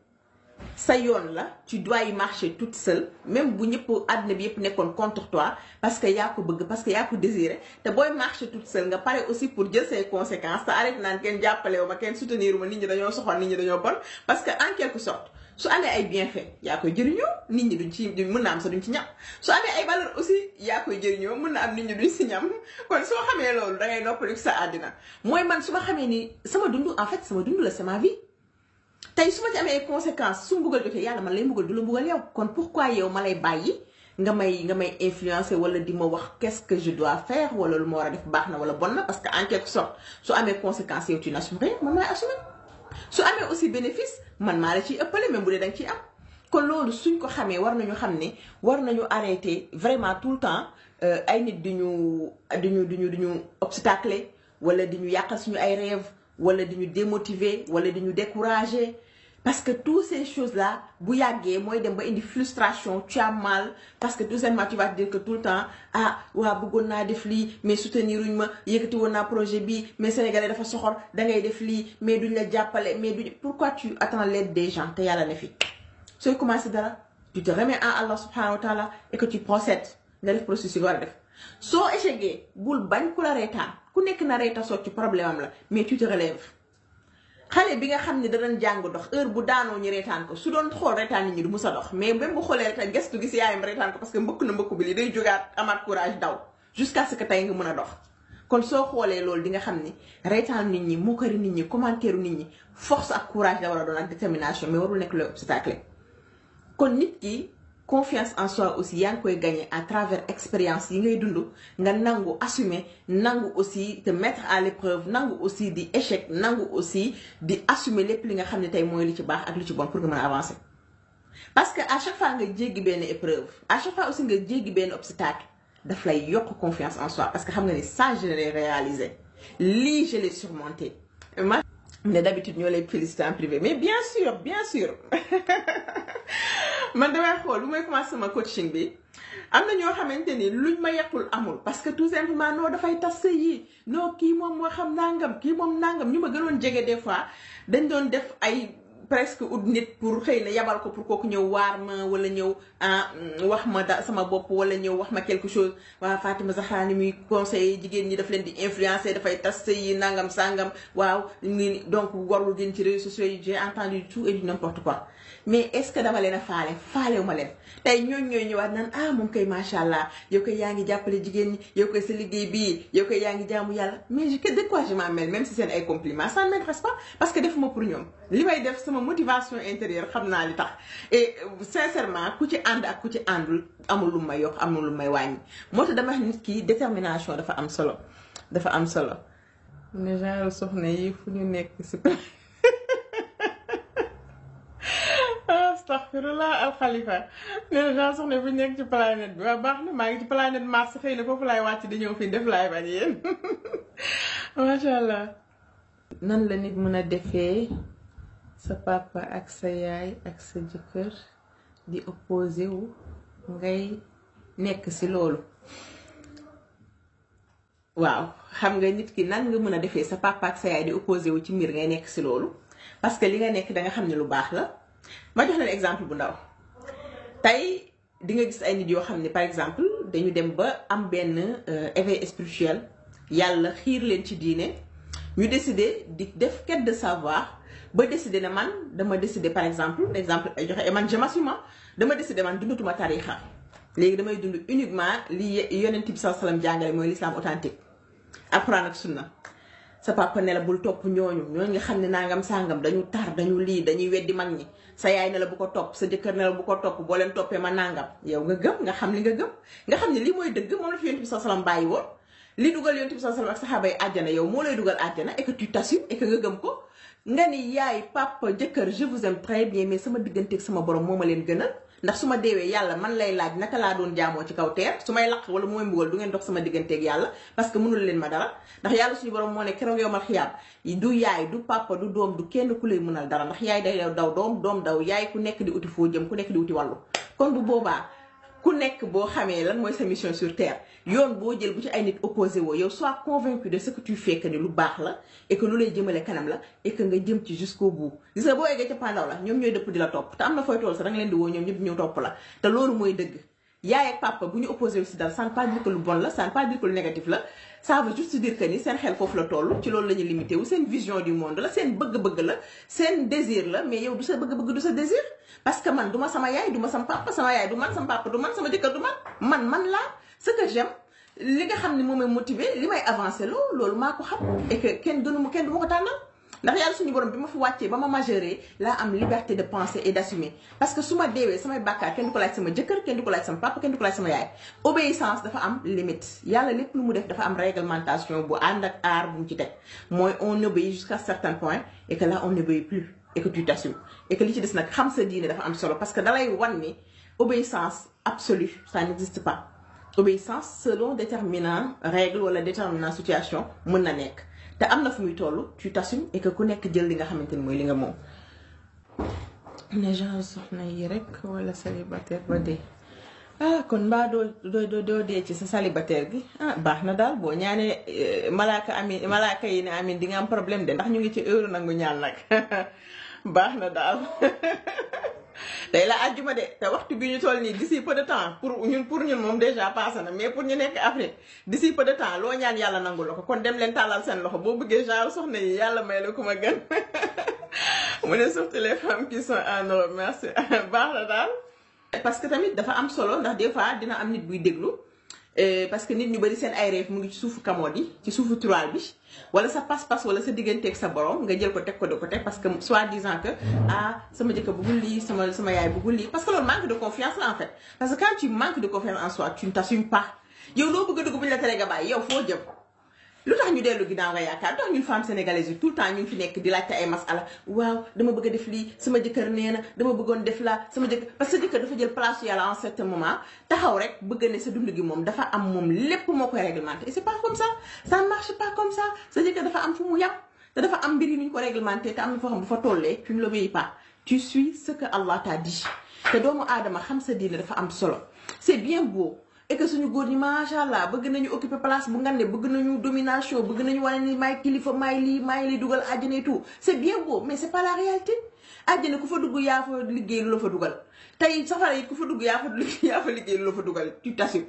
sa yoon la ci dois y marcher toute seule même bu ñëpp àddina bi yëpp nekkoon contre toi parce que yaa ko bëgg parce que yaa ko désiré te booy marcher toute seule nga pare aussi pour jël say conséquences te arrêté naan kenn jàppale wu ma kenn soutenir wu ma nit ñi dañoo soxal nit ñi dañoo bon parce que en quelque sorte su amee ay bienfait yaa koy jëriñoo nit ñi duñ ci mën na am sa duñ ci ñam su amee ay valeur aussi yaa koy jëriñoo mën na am nit ñi duñ si ñam kon soo xamee loolu da ngay sa àddina mooy man su ma xamee ni sama dund en fait sama dund la c'est ma tey su ma ci amee ay conséquences su mbugal jotee yàlla man lay mbugal du la mbugal yow kon pour pourquoi yow ma lay bàyyi nga may nga may influencer wala di ma wax qu'est-ce que je dois faire wala lu ma war a def baax na wala bon na parce que en quelque sorte su amee conséquences yow tu n'assumes rien man maay assumer su amee aussi bénéfice man maa la ciy ëppale même bu dee da nga am. kon loolu suñ ko xamee war nañu xam ne war nañu arrêter vraiment tout le temps euh, ay nit duñu duñu duñu duñu obstacler wala di ñu yàqal suñu ay rêve wala di ñu démotiver wala di ñu décourager parce que toutes ces choses là bu yàggee mooy dem ba indi frustration tu parce que tout simplement tu vas te dire que tout le temps ah waa bëggoon naa def lii mais soutenir uñ ma yëkkati woon naa projet bi mais sénégalais dafa soxor dangay def lii mais duñ la jàppale mais duñ pourquoi tu attends l'aide des gens te yàlla ne fi sooy commencé dara tu te remets à Allah subhanahu wa taala et que tu procèdes nga def a def soo échecgee bul bañ ku la reetaan ku nekk na reeta sot ci problème am la mais tu te relèves xale bi nga xam ne da doon jàng dox heure bu daanoo ñu reetaan ko su doon xool reetaan nit ñi du mus a dox mais même bu xoolee reetaan gestu gis yaayam reetaan ko parce que mbëkk na mbëkk bi li day jógaat amaat courage daw jusqu'à ce que tey nga mën a dox kon soo xoolee loolu di nga xam ni reetaan nit ñi mokkari nit ñi commentaire nit ñi force ak courage la a doon ak détermination mais warul nekk looy obstacle kon nit confiance en soi aussi yaa ngi koy gagné à travers expérience yi ngay dund nga nangu assumer nangu aussi te mettre à l'épreuve nangu aussi di échec nangu aussi di assumer lépp li nga xam ne tey mooy lu ci baax ak lu ci bon pour nga mën a avancer. parce que à chaque fois nga jéggi benn épreuve à chaque fois aussi nga jéggi benn obstacle daf lay yokk confiance en soi parce que xam nga ni ça je l'ai réalisé lii je surmonté. ne d'habitude ñoo lay félicité en privé mais bien sûr bien sûr man damay xool lu may commencé sama coaching bi am na ñoo xamante ni luñ ma yekkul amul parce que tout simplement noo dafay tas sëy yi non kii moom moo xam nangam kii moom nangam ñu ma gënoon jege des fois dañ doon def ay presque ut nit pour xëy na yebal ko pour kooku ñëw waar ma wala ñëw ah, wax ma da sama bopp wala ñëw wax ma quelque chose waa Fatima Zahra ni muy conseil jigéen ñi dafa leen di influencer dafay tas yi nangam sangam waaw donc warul gën ci réseaux sociaux yi j'ai entendu tout et du n'importe quoi mais est-ce que dama leen a faale faalewu ma leen tey ñooñ ñooy ñëwaat naan ah moom koy macha allah yow koy yaa ngi jàppale jigéen ñi yow koy sa liggéey bii yow koy yaa ngi jàmm yàlla mais que de quoi je m'en mêle si seen ay compliments ça ne m'intéresse pas parce que defuma pour ñoom li may def sama motivation intérieure xam naa li tax et ku ci ànd ak ku ci àndul amul lu may yokk amul lu may wàññi moo tax dama nit kii détermination dafa am solo dafa am solo. ne astaghfirullah alxalifa nee na daa soxna bu nekk ci planète bi waaw baax na maa ngi ci planète Mars xëy na foofu laay wàcc di ñëw fii def laay bañ yéen macha allah. nan la nit mën a defee sa papa ak sa yaay ak sa jëkkër di opposé wu nekk ci loolu waaw xam nga nit ki nan nga mën defee sa papa ak sa wu ci mbir ngay nekk si loolu parce que li nga nekk danga xam ne lu baax la. ma jox leen exemple bu ndaw tey di nga gis ay nit yoo xam ne par exemple dañu dem ba am benn euh, éveil spirituel yàlla xiir leen ci diine ñu décider di def quête de savoir ba décider ne man dama décider par exemple exemple joxe man je m'assume dama décider man dundatuma tarixa léegi damay dund uniquement li yonent bi sallallahu jàngale mooy l'islam authentique alxuraan ak sunna sa papa ne bul topp ñooñu ñooñu nga xam ne nangam sàngam dañu tar dañu lii dañuy weddi mag ñi sa yaay ne la bu ko topp sa jëkkër ne la bu ko topp boo leen toppee ma nàngam yow nga gëm nga xam li nga gëm nga xam ne lii mooy dëgg moom la fi yonent bi sa alayhi wasallam bàyyi woon li dugal yonent bi sa alayhi wasallam ak saxaaba àjjana yow moo lay dugal àjjana et que tu t'assumes et que nga gëm ko nga ni yaay papa jëkkër je vous aime très bien mais sama digganteeg sama borom moo ma leen gënal ndax su ma deewee yàlla man lay laaj naka laa doon jaamoo ci kaw teer su may laq wala mooy mbugal du ngeen dox sama digganteeg yàlla parce que mënul leen ma dara ndax yàlla suñu borom moo ne keroog yow mal du yaay du papa du doom du kenn ku lay mënal dara ndax yaay day daw doom doom daw yaay ku nekk di uti foo jëm ku nekk di uti wàllu kon bu boobaa ku nekk boo xamee lan mooy sa mission sur terre yoon boo jël bu ci ay nit opposé woo yow sois convaincu de ce que tu fais lu baax la et que lu lay jëmale kanam la et nga jëm ci jusqu'au bout gis nga boo eggee ca pandaw la ñoom ñooy dëpp di la topp te am na fooy tool sax da leen di woo ñoom ñëpp ñëw topp la te loolu mooy dëgg yaay ak papa bu ñu opposé si dara ça ne lu bon la ça ne lu négatif la ça veut juste dire que ni seen xel foofu la toll ci loolu la ñu limité wu seen vision du monde la seen bëgg-bëgg la seen désir la mais yow du sa bëgg-bëgg du sa désir parce que man du ma sama yaay du ma sama papa sama yaay du man sama papa du man sama jëkkër du man man man laa ce que li nga xam ne moom may motivé li may avancé loolu loolu maa ko xam et kenn gënu ma kenn du ma ndax yàlla suñu borom bi ma fi wàccee ba ma majeure laa am liberté de penser et d'assumer parce que su ma deewee samay bàkkaar kenn du ko laaj sama jëkkër kenn du ko laaj sama papa kenn du ko laaj sama yaay obéissance dafa am limite yàlla lépp lu mu def dafa am réglementation bu ànd ak aar bu mu ci teg mooy on obéit jusqu'à certain point et que là on n'obéit li ci des nag xam sa diine dafa am solo parce que dalay wan ni obéissance absolue ça n'existe pas obéissance selon déterminant règle wala déterminant situation mën na nekk te am na fu muy toll ci t'assumes et ku nekk jël li nga xamante ni mooy li nga moom. ne genre soxna yi rek wala célibataire ba dee ah kon mbaa doo doo doo dee ci sa célibataire gi ah baax na daal boo ñaanee eh, malaaka amin malaaka yi ne amin di nga am problème de ndax ñu ngi ci heure nangu ñaan nag. baax na daal day la àjjuma de te waxtu bi ñu toll nii d'ici peu de temps pour ñun pour ñun moom déjà passé na mais pour ñu nekk Afrique d'ici peu de temps loo ñaan yàlla nangu la ko kon dem leen tàllal seen loxo boo bëggee genre soxna yi yàlla may la ku ma gën mu ne surtout les femmes qui sont en Europe merci baax na daal. parce que tamit dafa am solo ndax des fois dina am nit buy déglu. Euh, parce que nit ñu bari seen ay rêve mu ngi ci suufu kamoot yi ci suufu tiroir bi wala sa pas-pas wala sa digganteeg sa borom nga jël ko teg ko de côté parce que soi-disant que ah sama jëkkër bëggul lii sama sama yaay bëggul lii parce que loolu manque de confiance la en fait parce que quand tu manques de confiance en soi tu ne t'assumes pas yow loo bëgg a dugg bu la teree nga bàyyi yow foo jëm lu tax ñu dellu ginnaaw nga yaakaar lu tax ñun femmes sénégalaises yi tout le temps ñu ngi fi nekk di laajte ay masala waaw dama bëgg def lii sama jëkkër nee na dama bëggoon def laa sama jëkkër parce que jëkkër dafa jël place yàlla en certain moment taxaw rek bëgg ne sa dund moom dafa am moom lépp moo koy jëkkër dafa am fu mu yàpp te dafa am mbir yi nu ñu ko réglementé te am na foo xam bu fa tollee tu ne l'obéis pas tu suis ce que Allah t'a dit te doomu aadama xam sa diine dafa am solo c'est bien beau et suñu góor ñi macha allah bëgg nañu occuper place bu ngande bëgg nañu domination bëgg nañu wane ni maay kilifa maay lii maay lii dugal àjjana et tout c'est bien beau mais c'est pas la réalité àjjana ku fa dugg yaa fa liggéey lu la fa dugal tey safara it ku fa dugg yaa fa yaa fa liggéey lu la fa dugal tu t'assumes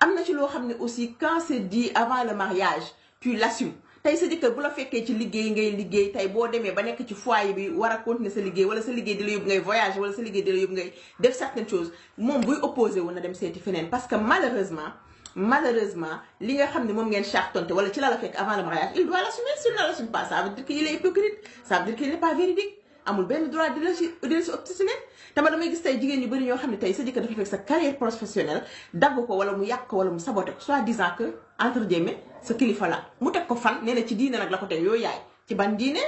am na ci loo xam ne aussi quand c'est di avant le mariage tu l'assumes tey sa jëkkër bu la fekkee ci liggéey ngay liggéey tey boo demee ba nekk ci foyer bi war a continuer sa liggéey wala sa liggéey di la yóbbu ngay voyage wala sa liggéey di la yóbbu ngay def certaines choses moom buy opposé wu na dem seeti feneen parce que malheureusement malheureusement li nga xam ne moom ngeen chartonté wala ci la la fekk avant le mariage il doit l'assumer s'il ne l'assume pas ça veut dire qu'il est hypocrite ça veut dire qu'il n'est pas véridique amul benn droit di te ma damay gis tey jigéen ñu bëri ñoo xam ne tey sa jëkkër dafa fekk sa carrière professionnelle dagg ko wala mu yàq ko wala mu saboté ko soit disant que entre guillemets sa kilifa la mu teg ko fan nee na ci diine nag la ko teg yooyu yaay ci ban diine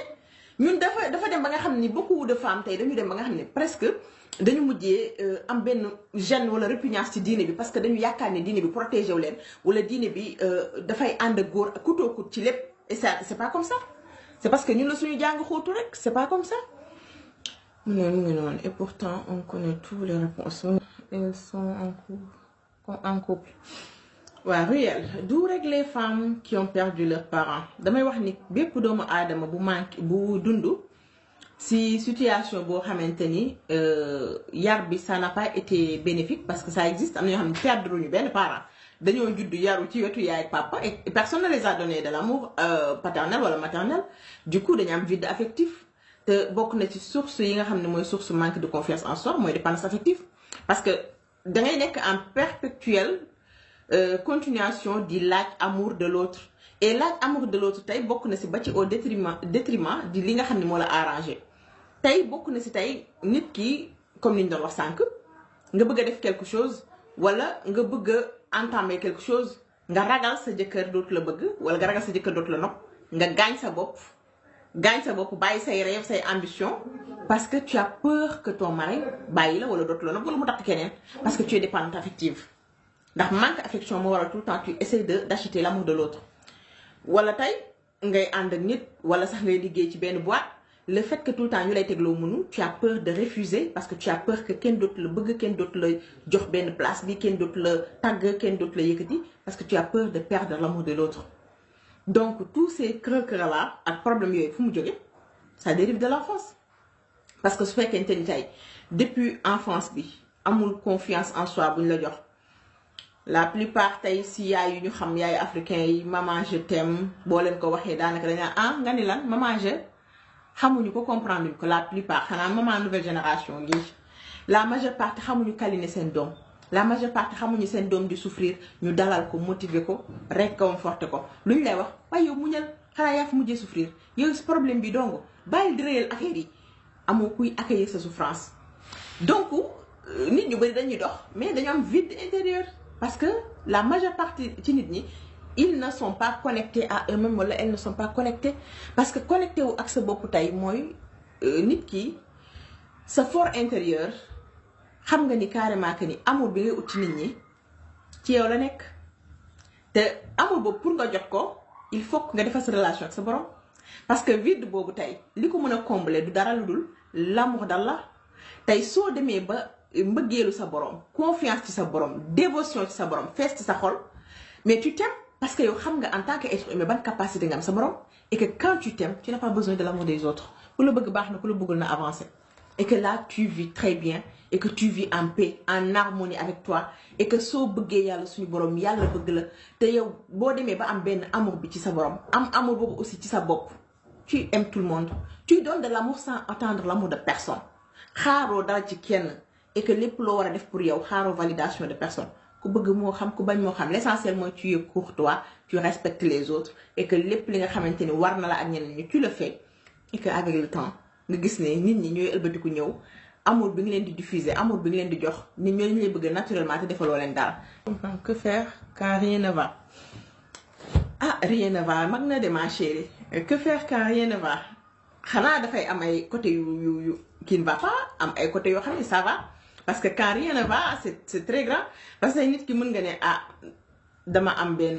ñun dafa dafa dem ba nga xam ni bokk de femmes tey dañu dem ba nga xam ne presque dañu mujjee euh, am benn gêne wala répugnance ci diine bi parce que dañu yaakaar ne diine bi protégé wu leen wala diine bi euh, dafay ànd ak góor ak kutoo kut ci lépp et ça c'est pas que ñun la suñu jàng xóotu rek c'est pas comme Et pourtant, on connaît toutes les réponses. Elles sont en couple. En couple. waaw réel du rek les qui ont perdu leurs parents damay wax ni bépp doomu aadama bu manqué bu dund si situation boo xamante ni euh, yar bi ça n'a pas été bénéfique parce que ça existe am na ñoo xam ne perdre ñu benn parent dañoo judd yaru ci wetu yaay papa personne les a donné de l'amour euh, paternel wala maternel du dañu am vide affectif te bokk na ci source yi nga xam ne mooy source manque de confiance en soi mooy dépendance affective parce que dangay ngay nekk en perpétuelle euh, continuation di laaj amour de l'autre et laaj amour de l'autre tey bokk na si ba ci au détriment détriment di li nga xam ne moo la arrangé tey bokk na si tey nit ki comme ni ñu doon wax sànq nga bëgg def quelque chose wala nga bëgg a entamer quelque chose nga ragal sa jëkkër dootu la bëgg wala nga ragal sa jëkkër dootu la nopp nga gaañ sa bopp gaañ sa bopp bàyyi say rêve say ambition parce que tu as peur que ton mari bàyyi la wala dootu la nag wala mu takk keneen parce que tu es dépendante affective ndax manque affection moo waral tout le temps tu essaies de d'acheter wala tey ngay ànd ak nit wala sax ngay liggéey ci benn boîte le fait que tout le parce que tu as peur que kenn dootu la bëgg kenn dootu la jox benn place bi kenn dootu la tàgg kenn dootu la yëkkati parce que tu as peur de perdre l'amour de l'autre donc tous ces creux-creux là ak problème yooyu fu mu jóge ça dérive de l'enfance parce que su fekkente ni tey depuis en enfance bi amul confiance en soi bu ñu la jox la plupart tey si yaay yu ñu xam yaay africain yi maman je t'aime boo leen ko waxee daanaka dañu ah nga ni lan maman je xamuñu ko comprendre ko la plupart xanaa maman nouvelle génération gi la majeure partie xamuñu câliner seen doom. la majeure partie xamuñu seen doom di souffrir ñu dalal ko motiver ko réconforter ko lu ñu lay wax waaye yow muñal xanaa yaa fi mujjee souffrir yow si problème bi dong bàyyil di réyal affaire yi amoo kuy accueillir sa souffrance. donc euh, nit ñu bëri dañuy dox mais dañu am vide intérieur parce que la majeure partie ci nit ñi. ils ne sont pas connectés à eux-mêmes wala elles ne sont pas connectées parce que connecté wu ak sa bopp tey mooy euh, nit ki sa fort intérieur xam nga ni carrément que ni amour bi ngay ut ci nit ñi ci yow la nekk te amour boobu pour nga jox ko il faut que nga defal sa relation ak sa borom parce que vide boobu tey li ko mën a combler du dara lu dul l'amour la tey soo demee ba mbëggeelu sa borom confiance ci sa borom dévotion ci sa borom fees ci sa xol mais tu t'aimes parce que yow xam nga en tant que être humain capacité nga am sa borom et que quand tu t'aimes tu n'as besoin de l'amour des autres bëgg baax na ku la bëggul na avancer que là tu vis bien et que tu en paix en harmonie avec toi et que soo bëggee yàlla suñu borom yàlla bëgg la te yow boo demee ba am benn amour bi ci sa borom am amour boobu aussi ci sa bopp tu aimes tout le monde tu donnes de l'amour sans attendre l'amour de personne xaaroo dara ci kenn et que lépp loo war a def pour yow xaaroo validation de personne ku bëgg moo xam ku bañ moo xam l'essentiel mooy tu es courtois tu respectes les autres et que lépp li nga xamante ni war na la ak ñeneen ñi tu le fais et que avec temps nga gis ne nit ñi ñooy ëlbatiku ñëw amul bi nga leen di diffuser amour bi nga leen di jox nit ñooñu lay bëgg naturellement te defaloo leen dara. que faire quand rien ne va ah rien mag na de ma chérie que faire xanaa dafay am ay côté yu yu yu qui am ay côté yoo xam ne ça va parce que quand rien ne va c'est c'est très grand parce que nit ki mën nga ne ah dama am benn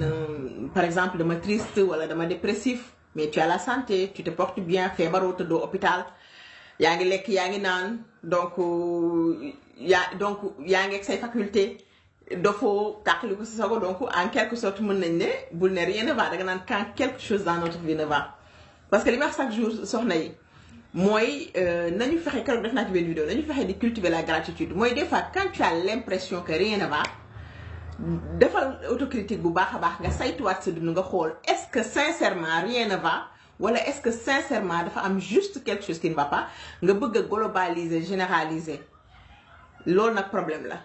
par exemple dama triste wala dama dépressif mais tu as la santé tu te portes bien feebaroo te doo hôpital. yaa ngi lekk yaa ngi naan donc yaa donc yaa ngi ak say faculté dafoo tàqaliku si sago donc en quelque sorte mën nañ ne bul ne rien ne va da naan quand quelque chose dans notre vie ne va parce que li ma wax chaque jour soxna yi mooy euh, nañu fexe keroog def naa ci benn vidéo nañu fexe di cultiver la gratitude mooy des fois quand tu as l'impression que rien ne va defal autocritique bu baax a baax nga saytuwaat sa dund nga xool est-ce que sincèrement rien ne va wala est-ce que sincèrement dafa am juste quelque chose qui ne va nga bëgg a globaliser généraliser loolu nag problème la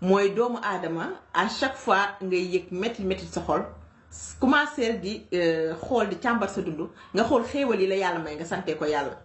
mooy doomu aadama à chaque fois ngay yëg métti métti sa xol commencer di euh, xool di càmbar sa dund nga xool xéewal yi la yàlla may nga sante ko yàlla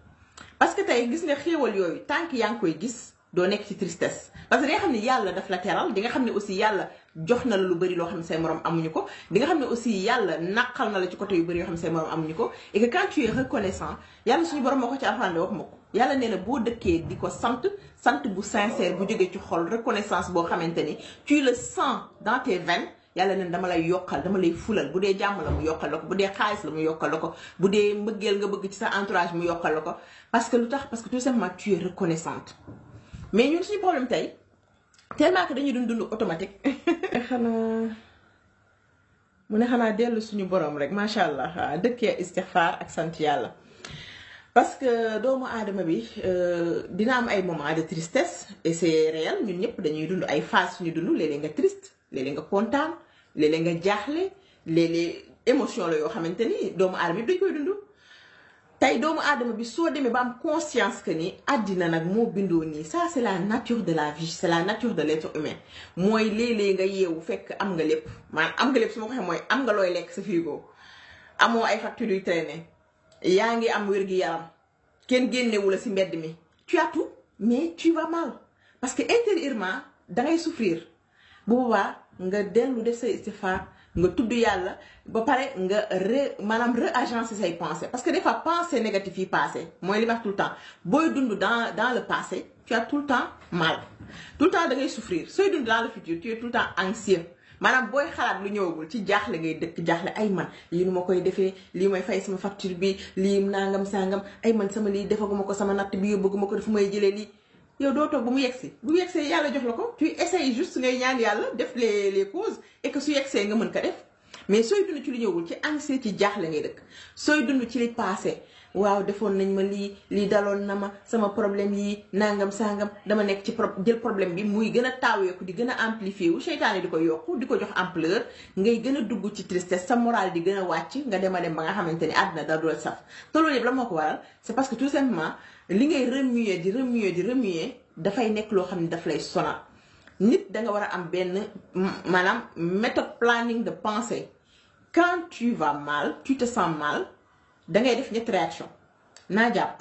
parce que tey gis nga xéewal yooyu tant que yaa ngi koy gis doo nekk ci tristesse parce que di nga xam ne yàlla daf la teral di nga xam ne aussi yàlla jox na la lu bëri loo xam ne say morom amuñu ko li nga xam ne aussi yàlla naqal na la ci côté yu bëri yoo xam ne say morom amuñu ko et que quand tu es reconnaissant yàlla suñu borom moo ko ci alxuraan wax ma ko yàlla nee na boo dëkkee di ko sant sant bu sincère bu jógee ci xol reconnaissance boo xamante ni tu le sens dans tes veines yàlla neen dama lay yokkal dama lay fulal bu dee jàmm la mu yokkal la ko bu dee xaalis la mu yokkal la ko bu dee mbëggeel nga bëgg ci sa entourage mu yokkal la ko parce que lu tax parce que tout simplement tu es reconnaissante mais ñun suñu problème tey tellement que dañuy dund dund automatique. Eh, xanaa mu ne xanaa dellu suñu borom rek macha allah ah, dëkkee istixfaar ak sant yàlla. parce que doomu aadama bi euh, dina am ay moments de tristesse et c'est réel ñun ñëpp dañuy dund ay fas suñu dund léeg-léeg nga triste léeg nga kontaan léeg nga jaaxle léeg-léeg émotion la yoo xamante ni doomu aadama bi dañ koy dund. tey doomu aadama bi soo demee ba am conscience que ni àddina nag moo bindoo nii ça c'est la nature de la vie c'est la nature de l'être humain mooy léeg-léeg nga yeewu fekk am nga lépp maanaam am nga lépp su ma ko waxee mooy am nga looy lekk sa frigo amoo ay factures yu traîner yaa ngi am wér-gi-yaram kenn génnewu la si mbedd mi tu as tout mais tu vas mal parce que intérieurement dangay souffrir bu boobaa nga dellu def sa istifaar nga tudd yàlla ba pare nga re maanaam agence say pensées parce que des fois pensées négatives yi passé mooy li wax tout le temps booy dund dans dans le passé tu tout le temps mal tout le temps da ngay souffrir sooy dund dans le futur tu es tout le temps anxieux maanaam booy xalaat lu ñëwagul ci jaaxle ngay dëkk jaaxle ay man lii nu ma koy defee lii mooy fay sama facture bi lii nangam sangam ay man sama lii defaguma ko sama natt bi bëgguma ko dafa may jëlee lii yow doo toog ba mu yegsi bu yegsee yàlla jox la ko tu essayes juste ngay ñaan yàlla def les les causes et que su yegsee nga mën ko def mais sooy dund ci li ñëwul ci anxiété ci jaaxle ngay dëkk sooy dund ci li passé waaw defoon nañ ma lii lii daloon na ma sama problème yi nangam sangam dama nekk ci pro jël problème bi muy gën a taaweeku di gën a amplifié wu seytaane di ko yokk di ko jox ampleur ngay gën a dugg ci tristesse sa moral di gën a wàcc nga dem a dem ba nga xamante ni àddina da dool saf te yëpp la moo ko waral c'est parce que tout simplement li ngay remuer di remuer di remuer dafay nekk loo xam ne daf lay sonal nit da nga war a am benn maanaam méthode planning de pensée quand tu vas mal tu te mal da ngay def ñetti réaction naa jàpp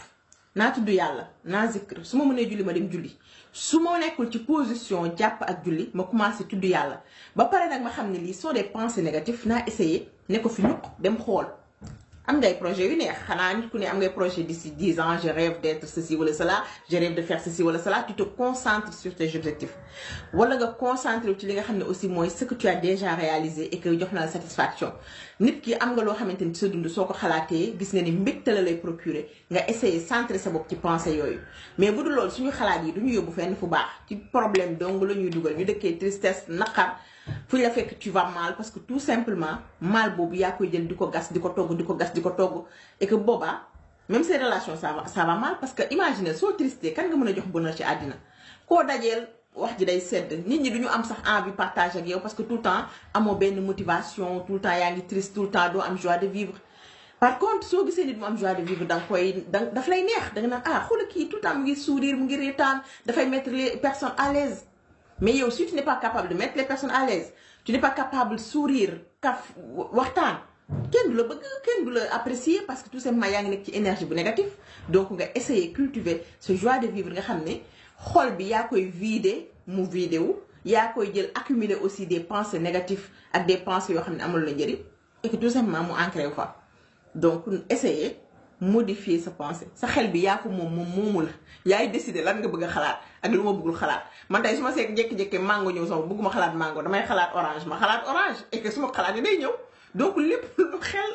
naa tudd yàlla naa zikr su ma mënee julli ma dem julli su ma nekkul ci position jàpp ak julli ma commencé tuddu yàlla ba pare nag ma xam ne lii sont des pensées négatives naa essayé ne ko fi ñuq dem xool. am ngay projet yu neex xanaa nit ku ne am ngay projet d'ici dix ans je rêve d'être ceci wala cela je rêve de faire ceci wala cela tu te concentres sur tes objectifs wala nga concentré ci li nga xam ne aussi mooy ce que tu déjà réalisé et que jox na la satisfaction nit ki am nga loo xamante ni sa dund soo ko xalaatee gis nga ni mbégte la lay procurer nga essayer centrer sa bopp ci pensée yooyu mais bu dul loolu suñu xalaat yi du ñu yóbbu fenn fu baax ci problème dong la ñuy dugal ñu dëkkee tristesse naqar fu ñu la fekk tu vas mal parce que tout simplement mal boobu yaa koy jël di ko gas di ko togg di ko gas di ko togg et que boobaa même ces relations ça va mal parce que imagine soo triste kan nga mën a jox bonheur ci àddina koo dajeel wax ji day sedd nit ñi du ñu am sax envie partage ak yow parce que tout le temps amoo benn motivation tout le temps yaa ngi triste tout le temps doo am joie de vivre par contre soo gisee nit mu am joie de vivre da nga ah, ngi sourire mu ngi reetaan dafay mettre mais yow si tu n'es pas capable de mettre les personnes à l'aise tu n'es pas capable sourire kaf waxtaan kenn du la bëgg kenn du la apprécier parce que tout simplement yaa ngi nekk ci énergie bu négatif donc nga essayer cultiver ce joie de vivre nga xam ni xol bi yaa koy vider mu vider yaa koy jël accumuler aussi des pensées négatif ak des pensées yoo xam ne amul la njëriñ et que mu ancré wu fa donc essayer modifier sa pensée sa xel bi yaa ko moom moom moomu la yaay décider lan nga bëgg a xalaat ak lu ma bëggul xalaat man tey su ma see jékki-jékki mango ñëw sama bëgguma xalaat mango damay xalaat orange ma xalaat orange et que suma xalaat yi day ñëw donc lépp lu xel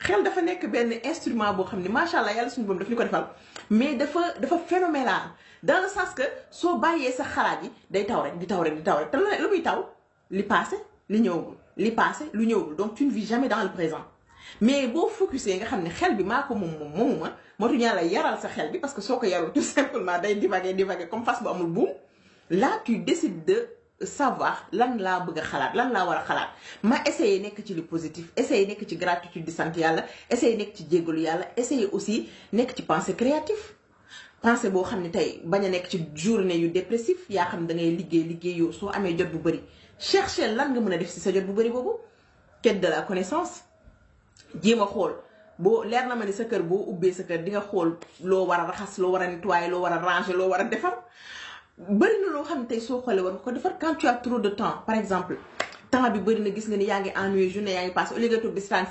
xel dafa nekk benn instrument boo xam ne macha allah yàlla suñu boom dafa ñu ko defal mais dafa dafa phénoménal dans le sens que soo bàyyee sa xalaat yi day taw rek di taw rek di taw rek te lu taw li passé li ñëwagul lu ñëwagul donc tu ne dans le présent mais boo focusé nga xam ne xel bi maa ko moom moom ma moo tax ñu la yaral sa xel bi parce que soo ko yarul tout simplement day divaguer divaguer comme fas bu amul buum là tu décides de savoir lan laa bëgg a xalaat lan laa war a xalaat ma essayer nekk ci lu positif essayer nekk ci gratitude di sant yàlla essayer nekk ci jéggalu yàlla essayer aussi nekk ci pensée créative pensée boo xam ne tey bañ a nekk ci journée yu dépressif yaa xam ne dangay liggéey liggéey soo amee jot bu bëri chercher lan nga mën a def si sa jot bu bëri boobu quête de la connaissance jéem a xool boo leer na ma ne sa kër boo ubbee sa kër di nga xool loo war a raxas loo war a nettoyer loo war a ranger loo war a defar bëri loo xam ne tey soo xoolee war ko ko defar quand tu as trop de temps par exemple temps bi bëri na gis nga ni yaa ngi ennuyé journée yaa ngi passé au lieu nga toog di seetaan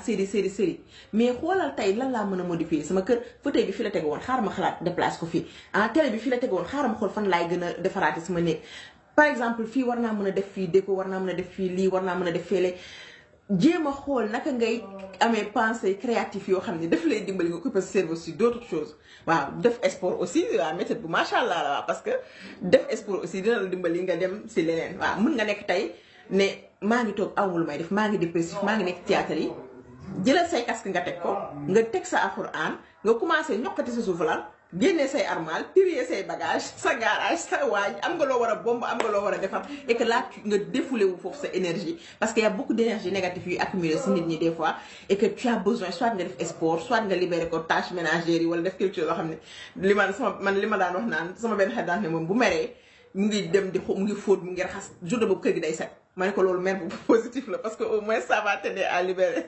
mais xoolal tey lan laa mën a modifier sama kër fauteuil bi fi la teg woon xaaral ma xalaat déplace ko fii ah bi fi la teg woon xaaral ma xool fan laay gën a defaraate exemple fii war naa mën a def fii déco war naa mën a def fii lii war naa mën a def jéem a xool naka ngay amee pensée créative yoo xam ne daf lay dimbali nga occuper cerveau si d' autres choses waaw def sport aussi waaw méthode bu macha allah la waaw parce que def sport aussi dina la dimbali nga dem si leneen waaw mën nga nekk tey ne maa ngi toog awma ma def maa ngi dépressif maa ngi nekk théâtre yi jëlal say casque nga teg ko nga teg sa alxuraan nga commencé ñokkati sa suuf laal génne say armal pirier say bagage sa garage sa waañ am nga loo war a bomb am nga loo war a defar et que là nga défoulé wu foofu sa énergie parce que y a beaucoup négatif yi négative yuy accumulé si nit ñi des fois et que tu as besoin soit nga def sport soit nga libéré ko tâche ménagères yi wala def quelque chose xam ne li man sama man li ma daan wax naan sama benn xel ne moom bu meree mu ngi dem di mu ngi fóot mu ngi raxas jour boobu kër gi day set ma ne ko loolu mer bu parce que au moins ça à libérer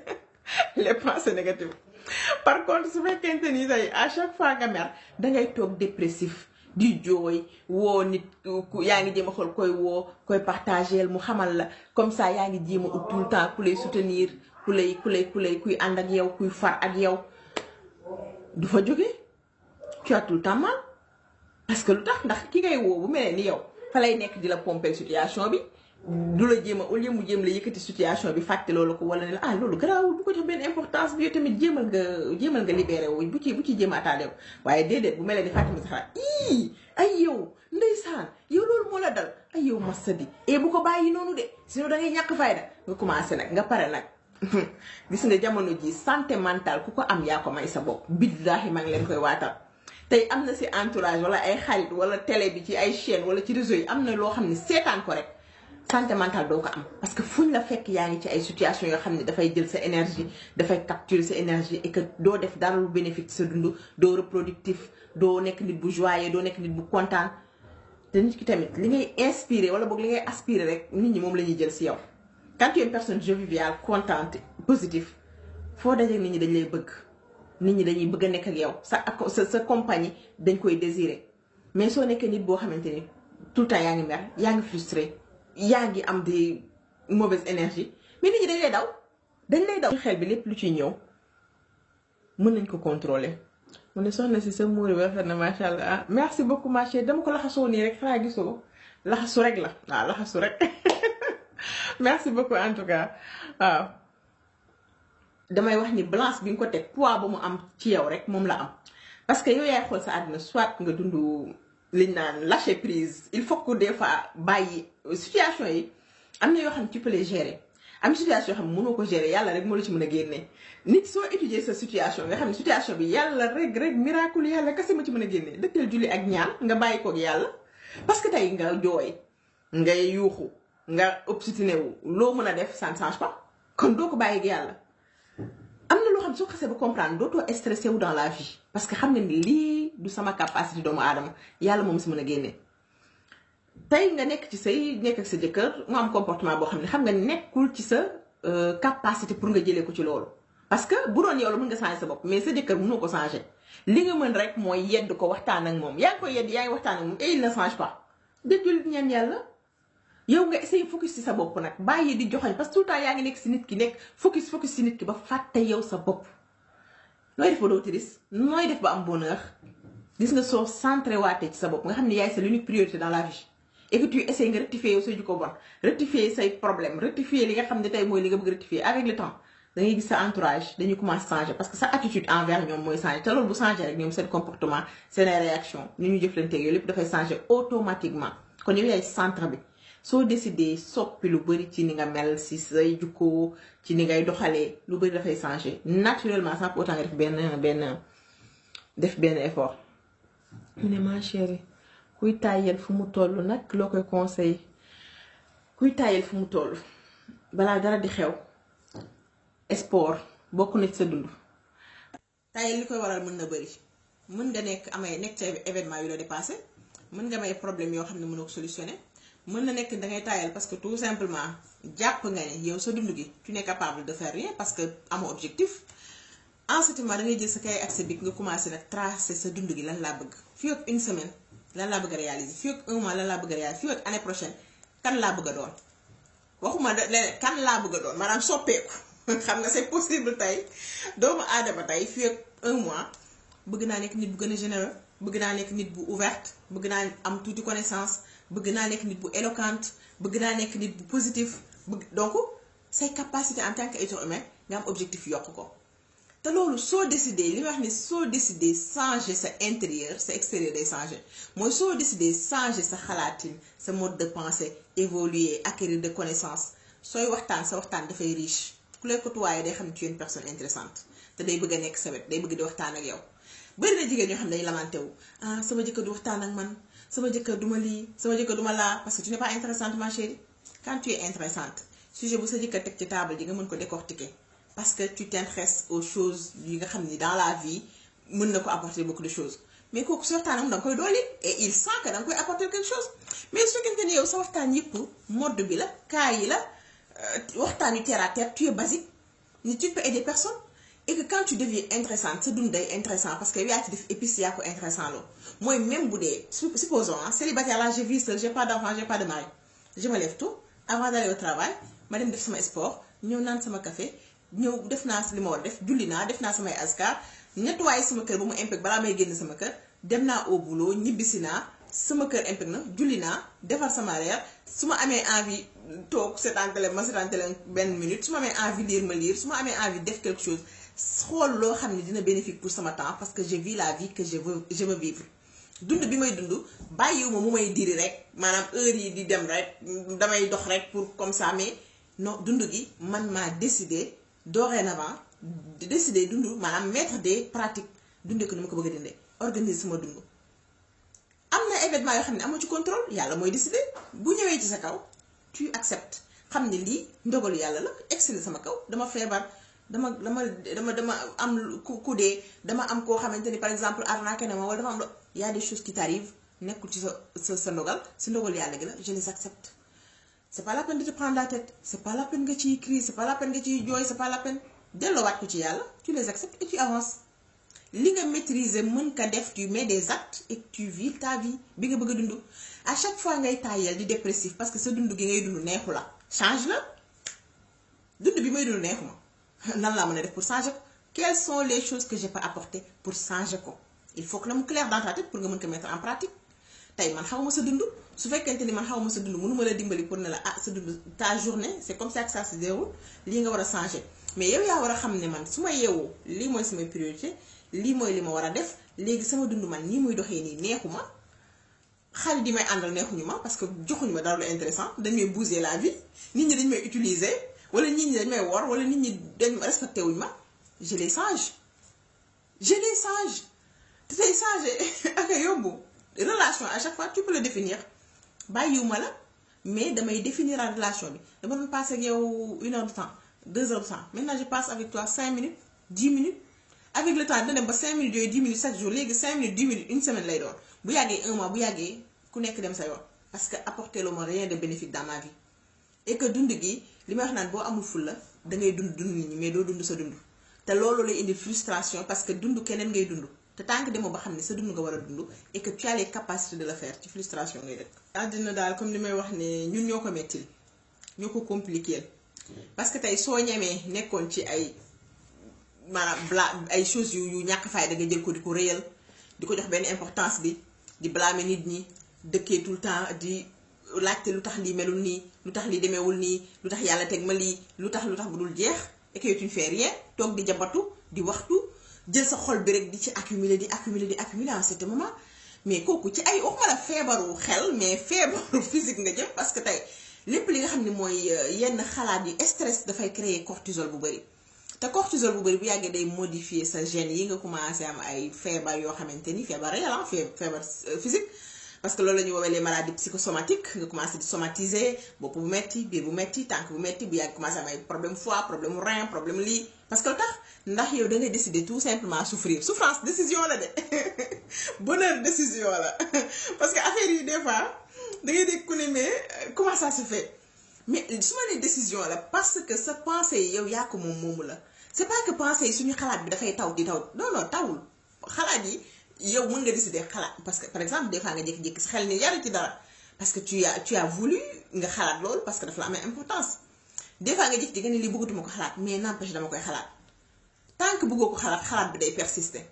les pensées négatives par contre su fekkente ni tey à chaque fois nga mer dangay toog dépressif di jooy woo nit yaa ngi jéem a xool koy woo koy partageel mu xamal la comme ça yaa ngi jéem a ut tout le temps ku lay soutenir ku lay ku lay ku lay kuy ànd ak yow kuy far ak yow du fa jóge tu as tout le parce que lu tax ndax ki ngay woo bu mel ni yow fa lay nekk di la pomper situation bi du la jéem a au lieu mu jéem la yëkkati situation bi fàtte loolu ko wala ne la ah loolu garaawul bu ko jox benn importance bi yow tamit jéemal nga jéemal nga libéré wu bu ci bu ci jéem a attardé wu waaye déedéet bu mel ni Fatima sax ii ay yow ndeysaan yow loolu moo la dal ay yow masadi e bu ko bàyyi noonu de sinon da ngay ñàkk fayda nga commencé nag nga pare nag gis nga jamono ji santé mentale ku ko am yaa ko may sa bopp billaahi ma ngi leen koy waatal tey am na si entourage wala ay xarit wala télé bi ci ay chaîne wala ci réseau yi am na loo xam ne seetaan ko santé mentale doo ko am parce que fuñ la fekk yaa ngi ci ay situation yoo xam ne dafay jël sa énergie dafay capturer sa énergie et doo def dara lu bénéfique sa dund doo reproductif doo nekk nit bu joyeux doo nekk nit bu kontaan te nit ki tamit li ngay inspirer wala boog li ngay aspirer rek nit ñi moom la ñuy jël si yow. quand tu es une personne joviale contente foo dajeeg nit ñi dañ lay bëgg nit ñi dañuy bëgg a nekk ak yow sa sa sa compagnie dañ koy désirer mais soo nekkee nit boo xamante ni tout le temps yaa ngi yaa ngi frustré. yaa ngi am di mauvaises énergies mais nit ñi dañ daw dañ lay daw. xel bi lépp lu ciy ñëw mën nañ ko contrôler. mu ne soxna si sa muur bi rafet na macha allah ah, merci beaucoup ma chérie dama ko laxasoo nii rek xanaa gisoo laxasu rek la waaw ah, laxasu rek merci beaucoup en tout cas waaw. Ah. damay wax ni balance bi nga ko teg poids ba mu am ci yow rek moom la am parce que yow yaay xool sa àddina soit nga dund. liñ naan lâcher prise il faut que des fois bàyyi situation yi am na yoo xam ne tu peux les gérer situation yoo xam ne mënoo ko gérer yàlla rek moo la ci mën a génne. nit soo étudier sa situation nga xam ne situation bi yàlla rek rek miracle yàlla kese ma ci mën a génne dëkkal julli ak ñaan nga bàyyi kook yàlla parce que tey nga jooy ngay yuuxu nga obstiné wu loo mën a def ça ne change kon doo ko bàyyi ak yàlla. am na loo xam soo xasee ba comprendre dootoo stressé wu dans la vie parce que xam nga ni lii du sama capacité doomu aadama yàlla moom si man a génnee tey nga nekk ci say nekk ak sa jëkkër mu am comportement boo xam ne xam nga nekkul ci sa euh, capacité pour nga jëlee ko ci loolu. parce que bu doon yow la mën nga changer sa bopp mais sa jëkkër mënoo ko changer li nga mën rek mooy yedd ko waxtaan ak moom yaa ngi koy yedd yaa ngi waxtaan ak moom et il ne yow nga essayer focus ci sa bopp nag bàyyi di joxoñ parce que tout temps yaa ngi nekk ci nit ki nekk focus focus ci nit ki ba fàtte yow sa bopp nooy def ba doo tiris nooy def ba am bonheur gis nga soo centré waatee ci sa bopp nga xam ne yaay sa l'unique priorité dans la vie et que tu li nga xam ne tey mooy li nga bëgg rectifier avec le temps da ngay gis sa entourage dañuy commencer changer parce que sa attitude envers ñoom mooy changer te loolu bu changer rek ñoom seen comportement seen réaction ni ñu jëflanteeg yooyu lépp dafay changer automatiquement centre bi soo décidé soppi lu bëri ci ni nga mel si say jukkoo ci ni ngay doxalee lu bëri dafay changer naturellement sans pour autant nga def benn benn def benn effort. mu ne ma kuy tàyyel fu mu toll nag loo koy conseil kuy tàyyel fu mu toll balaa dara di xew sport bokk nañ sa dund. tàyyel li koy waral mën na bëri mën nga nekk amay nekk ci événement yu la dépassé mën nga may problème yoo xam ne mënoo ko solutionné. mën na nekk da ngay tayal parce que tout simplement jàpp nga ne yow sa dund gi tu n'es capable de faire rien parce que amoo objectif en ce moment da ngay jël sa kay accès bi nga commencé nag tracer sa dund gi lan laa bëgg fii ak une semaine lan laa bëgg a réaliser fii ak un lan laa bëgg a réaliser fii ak année prochaine kan laa bëgg a doon waxuma da kan laa bëgg a doon maanaam soppeeku xam nga c'est possible tey doomu aadama tey fii mois bëgg naa nekk nit bu gën a généreux bëgg naa nekk nit bu ouverte bëgg naa am tuuti connaissance. bëgg naa nekk nit bu éloquente bëgg naa nekk nit bu positif bëgg donc say capacité en tant que être humain nga am objectif yokk ko te loolu soo décidé li ma wax ni soo décidé changer sa intérieur sa extérieur day changer mooy soo décidé changer sa xalaatin sa mode de pensée évoluer acquérir de connaissances sooy waxtaan sa waxtaan dafay riche ku lay côtoyer day xam ne tu es une personne te day bëgg a nekk sawet day bëgg di waxtaan ak yow bëri na jigéen ñoo xam ne dañu lamante wu ah sama jëkkër du man. sama jëkkër duma lii sama jëkkër duma laa parce que tu n'es pas intéressante ma chérie quand tu es intéressante sujet bu sa jëkkër teg ci table ji nga mën ko décortiquer parce que tu t'intéresses aux choses yi nga xam ni dans la vie mën na ko apporter beaucoup de choses mais kooku sa waxtaanam da koy dolli et il sent que da nga koy apporter quelque chose mais su fekkee ne yow sa waxtaan yëpp mode bi la cas yi la euh, waxtaan yu terre à tu es basique ni tu peux aider personne et que quand tu deviens intéressante sa dund intéressant parce que yaa ci def épice yaa ko intéressant loo mooy même bu dee supposons ah célibataire là je vis seul j'ai pas d'enfant pas de mari je me lève tôt avant d'aller au travail ma dem sama sport ñëw naan def naa li ma def julli naa def naa samay askar waaye sama kër ba mu impec balaa may génn sama kër dem naa au boulot ñibbisi naa sama kër impec na julli naa defar sama reer su ma amee envie toog seetaan télé ma seetaan télé benn minute su ma amee envie lire ma ma amee envie def quelque xool loo xam ne dina bénéfique pour sama temps parce que je vis la vie que je veux je veux vivre dund bi may dund bàyyiwuma mu may diri rek maanaam heure yi di dem rek damay dox rek pour comme ça mais non dund gi man maa décidé dorénavant décidé dund maanaam mettre des pratiques dundee ko ni ma ko bëgg a dundee organiser sama dund. am na événement yoo xam ne amoo ci contrôle yàlla mooy décidé bu ñëwee ci sa kaw tu acceptes xam ne lii ndogalu yàlla la egg sama kaw dama feebar. dama dama dama dama am ku ku dee dama am koo xamante ni par exemple arnaqué na ma wala dama am y a des choses qui t'arrivent nekkul ci sa sa sa ndogal si ndogal yàlla gi la je les accepte c'est pas la peine de la tête c'est pas nga ci crise c'est pas la peine nga ciy jooy c'est pas la ko ci yàlla tu les acceptes et tu avances li nga maîtriser mën ko def tu mets des actes et tu vis ta vie bi nga bëgg a dund à chaque fois ngay tàyyal di dépressif parce que sa dund gi ngay dund neexu la change la bi may dund ma nan laa mën a def pour changer ko quelles sont les choses que je peux apporter pour changer ko il faut que na mu clair dans ta tête pour nga mën ko mettre en pratique tey man xaw ma sa dund su fekkente ni man xaw ma sa dund mënu ma la dimbali pour ne la ah sa dund ta journée c'est comme ça que ça se déroule lii nga war a changer mais yow yaa war a xam ne man su ma yeewoo lii mooy samay priorité lii mooy li ma war a def léegi sama dund man ñii muy doxee nii neexu ma xale di may àndal neexuñu ma parce que joxuñu ma dara lu intéressant dañ may la vie nit ñi dañ may utiliser wala nit ñi dañ may wor wala nit ñi dañ respecté wuñ ma j'ai les sages j'ai les sages te tey sage ak yombu relation à chaque fois tu peux le définir bàyyiwuma la mais damay définir la relation bi dama doon passé ak yow une heure de temps deux heures de temps maintenant je passe avec toi cinq minutes dix minutes avec le temps dina dem ba cinq minutes yooyu dix minutes chaque jour léegi cinq minutes dix minutes une semaine lay doon bu yàggee un mois bu yàggee ku nekk dem sa yoon parce que apporter le ma rien de bénéfique dans ma vie li may wax naan boo amul fulla da ngay dund dund nit ñi mais doo dund sa dund te loolu lay indi frustration parce que dund keneen ngay dund te tant que demoo ba xam ne sa dund nga war a dund et que tu as les capacités de le faire ci frustration ngay def. àddina daal comme ni may wax ne ñun ñoo ko mettil ñoo ko compliqué parce que tey soo ñemee nekkoon ci ay maanaam bla ay choses yu yu ñàkk fay da nga jël ko di ko réyal di ko jox benn importance bi di blâmer nit ñi dëkkee tout le temps di. laajte lu tax lii melul nii lu tax lii demewul nii lu tax yàlla teg ma lii lu tax lu tax bu dul jeex et que tu fais toog di jambatu di waxtu jël sa xol bi rek di ci accumuler di accumuler di accumuler en ce moment mais kooku ci ay waxuma feebaru xel mais feebaru physique nga jëm parce que tey lépp li nga xam ne mooy euh, yenn xalaat yi stress dafay créer cortisol bu bëri te cortisol bu bëri bu yàggee day modifier sa gène yi nga commencé am ay feebar yoo xamante ni feebar réel feebar euh, physique parce que loolu la ñuy woowee les maladies psychosomatiques nga commencé di somatiser bopp bu metti biir bu metti tànk bu metti bu yàgg commencé am problème foie problème rein problème lii parce que lu tax ndax yow da ngay décider tout simplement souffrir souffrance décision la de bonheur décision la parce que affaire yi des fois da ngay dégg ku ne mais euh, comment ça fait mais su ma nee décision la parce que sa pensée yi yow yaa ko moom moom la c'est pas que pensée suñu xalaat bi dafay taw di taw non non yi. yow mën nga décider xalaat parce que par exemple des fois nga jékki-jékki sa xel ni yaru ci dara parce que tu as tu as voulu nga xalaat loolu parce que dafa la amee importance des fois nga jékki-jékki ni lii bëggatuma ko xalaat mais n'empêche dama koy xalaat tant que bëggoo ko xalaat xalaat bi day persister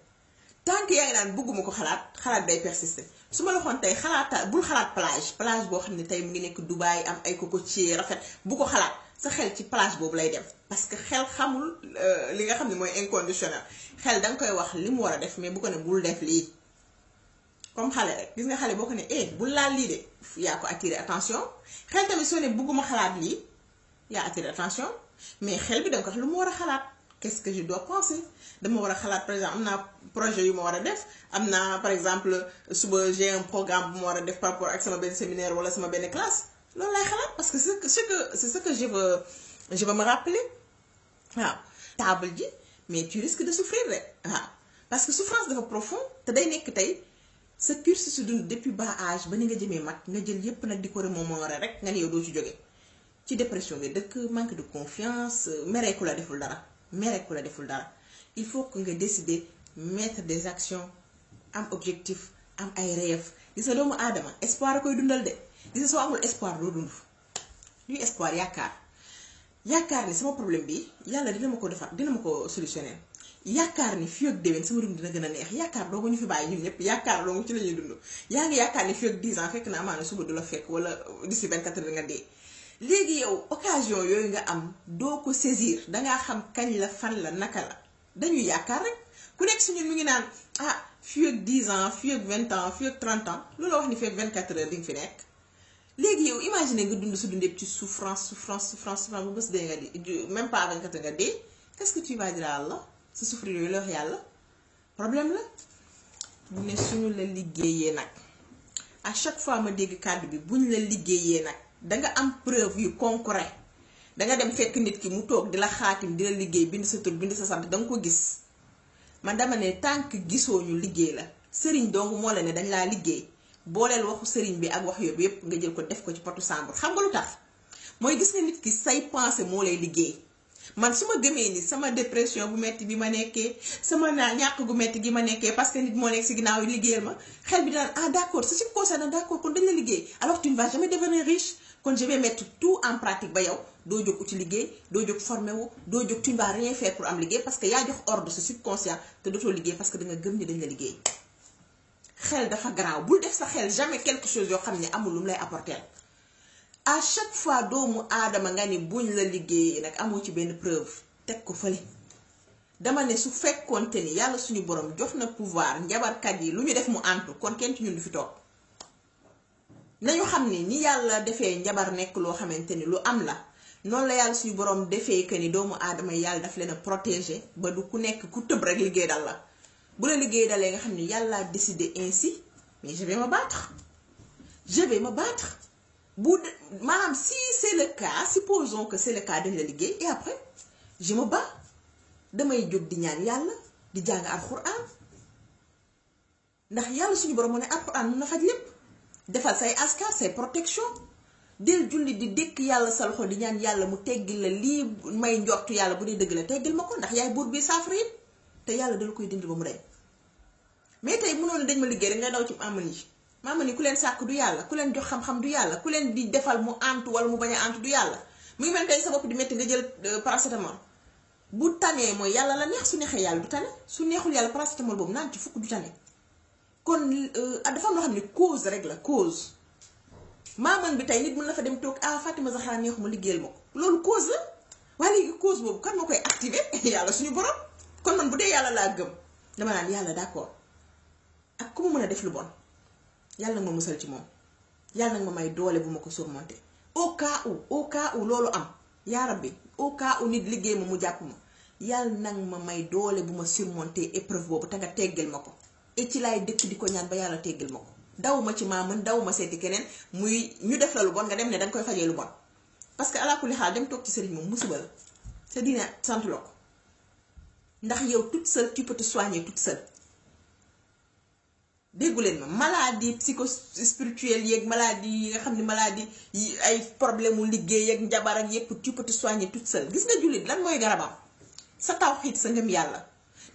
tant que yaa ngi naan bëgguma ko xalaat xalaat bi day persister su ma la waxoon tey xalaata bul xalaat plage plage boo xam ne tey mu ngi nekk Dubaï am ay cocotier rafet bu ko xalaat. sa xel ci place boobu lay dem parce que xel xamul euh, li nga xam ne mooy inconditionnel xel danga koy wax li mu war a def mais bu ko ne bul def lii comme xale rek gis nga xale boo ko ne eh bul laal lii de yaa ko attiré attention xel tamit soo ne bugguma xalaat lii yaa attiré attention mais xel bi da nga ko wax lu mu war a xalaat qu'est-ce que je dois penser dama war a xalaat par exemple am naa projet yu ma war a def am naa par exemple suba j'ai un programme bu ma war a def par rapport séminaire wala sama benn classe. loolu laay xalaat parce que c'est ce que ce que je veux je veux waaw table ji mais tu risques de souffrir rek waaw parce que souffrance dafa profond te day nekk tey sa cursus su dund depuis ba âge ba ni nga jëmee mat nga jël yépp nag di ko remémorer rek nga ne yow doo ci ci dépression nga dëkk manque de confiance mereeku la deful dara mereeku la deful dara il faut que nga décider mettre des actions am objectif am ay rêve gis nga doomu aadama espoir a koy dundal de gis nga soo amul espoir doo dund luy espoir yaakaar yaakaar ni sama problème bi yàlla dina ma ko defar dina ma ko solutionné yaakaar ni fi ak déwén sama dund dina gën a neex yaakaar doo ko ñu fi bàyyi ñun ñëpp yaakaar doo ci la ñuy dund yaa ngi yaakaar fekk na amaana suba du la fekk wala d'ici 24 heures nga yow occasion yooyu nga am doo ko saisir dangaa xam kañ la fan la naka la dañuy yaakaar rek ku nekk suñu mu ngi naan ah fii ak 10 ans fii ak 20 ans fii ak 30 ans la wax ni fii ak 24 heures di nga fi nekk. léegi yow imagine nga dund sa dund yëpp ci souffrance souffrance souffrance souffrance bu bés dee nga dee même pas vingt quatre nga dee qu'est-ce que tu vas dire à Allah yooyu la yàlla problème la mu ne suñu la liggéeyee nag à chaque fois ma dégg kàddu bi buñ la liggéeyee nag danga am preuve yu concret danga dem fekk nit ki mu toog di la xaatim di la liggéey bind sa tur bind sa sant danga ko gis ma dama ne tànk que gisoo ñu liggéey la sëriñ dong moo la ne dañ laa liggéey boo leel waxu sëriñ bi ak wax yooyu yëpp nga jël ko def ko ci potu sàmbur xam nga lu tax mooy gis nga nit ki say pensée moo lay liggéey man su ma gëmee ni sama dépression bu metti bi ma nekkee sama naa ñàkk gu metti gi ma nekkee parce que nit moo nekk si ginnaaw yi liggéeyal ma xel bi daan ah d' accord si suñu concerne ah, d' ba yow doo jóg ci liggéey doo jóg formé doo jóg tu ne vas rien faire pour am liggéey parce que yaa jox ordre sa subconscient que da nga gëm ni dañ la liggéey. xel dafa garaaw bul def sa xel jamais quelque chose yoo xam ne amul lu mu lay apporter à chaque fois doomu aadama nga ni buñ la liggéeyee nag amoo ci benn preuve teg ko fële dama ne su fekkoonte ni yàlla suñu borom jox na pouvoir njabarkat yi lu ñu def mu antu kon kenn ci ñun du fi toog nañu xam ni ni yàlla defee njabar nekk loo xamante ni lu am la noonu la yàlla suñu borom defee que ni doomu aadama yàlla daf leen a protéger ba du ku nekk ku tëb rek liggéey la. bu la liggéey dalee nga xam ne yàlla décidé ainsi mais je vais me battre je vais me battre bu maanaam si c'est le cas supposons que c'est le cas dañ la liggéey et après je me damay jóg di ñaan yàlla di jàng am alxuraan ndax yàlla suñu borom mu ne alxuraan mun na faj lépp defal say askar say protection del julli di dékk yàlla sa loxo di ñaan yàlla mu teggil la lii may njortu yàlla bu dee dëgg la teggil ma ko ndax yaay buur bi saafara te yàlla dala koy dindi ba mu dañ mais tey mënoon dañ ma liggéey rek nga daw ci maman yi maman yi ku leen sàkk du yàlla ku leen jox xam-xam du yàlla ku leen di defal mu ant wala mu bañ a antu du yàlla mu ngi mel tey sa bopp di métti nga jël euh, paracétamol bu tanee mooy yàlla la neex su neexee yàlla du tane su neexul yàlla paracétamol boobu naan ci fukk du tane kon euh, dafa am loo xam ne cause rek la cause maman bi tey nit mën na fa dem toog ah Fatima Zahra neexuma liggéeyal ma ko loolu cause la waaye léegi cause boobu kan moo koy activé yàlla suñu borom. kon man bu dee yàlla laa gëm dama naan yàlla d'accord ak ku ma mën a def lu bon yàlla nag ma musal ci moom yàlla nag ma may doole bu ma ko surmonter au cas où loolu am yaa rabbi au cas où nit liggéey ma mu jàpp ma yàlla nag ma may doole bu ma surmonter épreuve boobu te nga teggal ma ko et ci laay dëkk di ko ñaan ba yàlla teggal ma ko daw ma ci maa mën daw ma seeti keneen muy ñu def la lu bon nga dem ne danga koy fajee lu bon parce que alaakulli xaal dem toog ci sëriñ moom musiba la te dina sant la ko ndax yow toute seule tu peux te soigner toute seule déggu leen ma maladie psychospirituelle yeeg maladie yi nga xam ne maladie yi ay problème mu liggéey ak njabar ak yëpp tu peux te soigner toute seule gis nga jullit lan mooy garabam sa taw tawxiit sa ngëm yàlla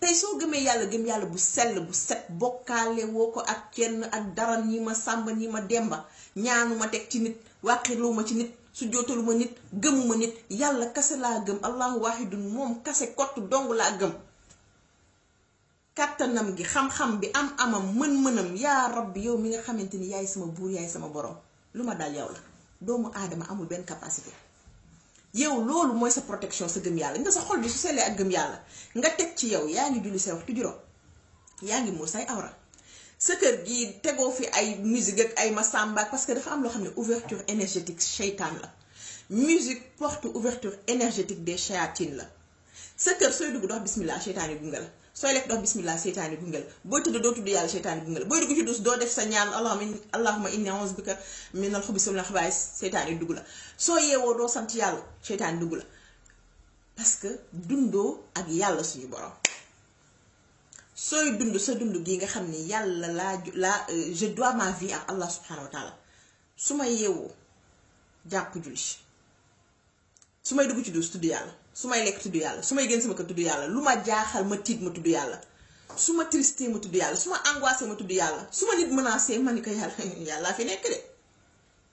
tey soo gëmee yàlla gëm yàlla bu sell bu set bokkaale woo ko ak kenn ak dara ñi ma sàmba ñi ma demba ñaanu ma teg ci nit wàqirlu ma ci nit su jootalu ma nit gëmuma nit yàlla kase laa gëm allahu wahidun moom kase kott dong laa gëm kàttanam gi xam-xam bi am amam mën-mënam yaa rabbi yow mi nga xamante ni yaay sama buur yaay sama borom lu ma dal yow la doomu aadama amul benn capacité yow loolu mooy sa protection sa gëm yàlla nga sa xol bi su gëm yàlla nga teg ci yow yaa ngi julli say waxtu juróom yaa ngi muur say awra sa kër gii tegoo fi ay musique ak ay masamba parce que dafa am loo xam ne ouverture énergétique seytaan la musique porte ouverture énergétique des chayatines la sa kër sooy dugg dox bismillah seytaan yi gunge la seytaan yi gunge la booy tëdd doo tudd yàlla seytaan yi gunge la doo def sa ñaan allahumma inni a'udhu bika minal xubusi wal xabaa'is seytaan yi dugg la soo yeewoo doo sant yàlla seytaan dugg la parce que dundoo ak yàlla suñu borom sooy dund sa dund gi nga xam ni yàlla laa laa euh, je dois ma vie ak allah subhanahu wa su ma yeewoo jàpp julli su may dugg ci duus tudd yàlla su may lekk tudd yàlla su may génn sama ko tudd yàlla lu ma jaaxal ma tiit ma tudd yàlla su ma triste ma tudd yàlla su ma angoissé ma tudd yàlla su ma nit menacé ma ni ko yàlla yàlla fi nekk de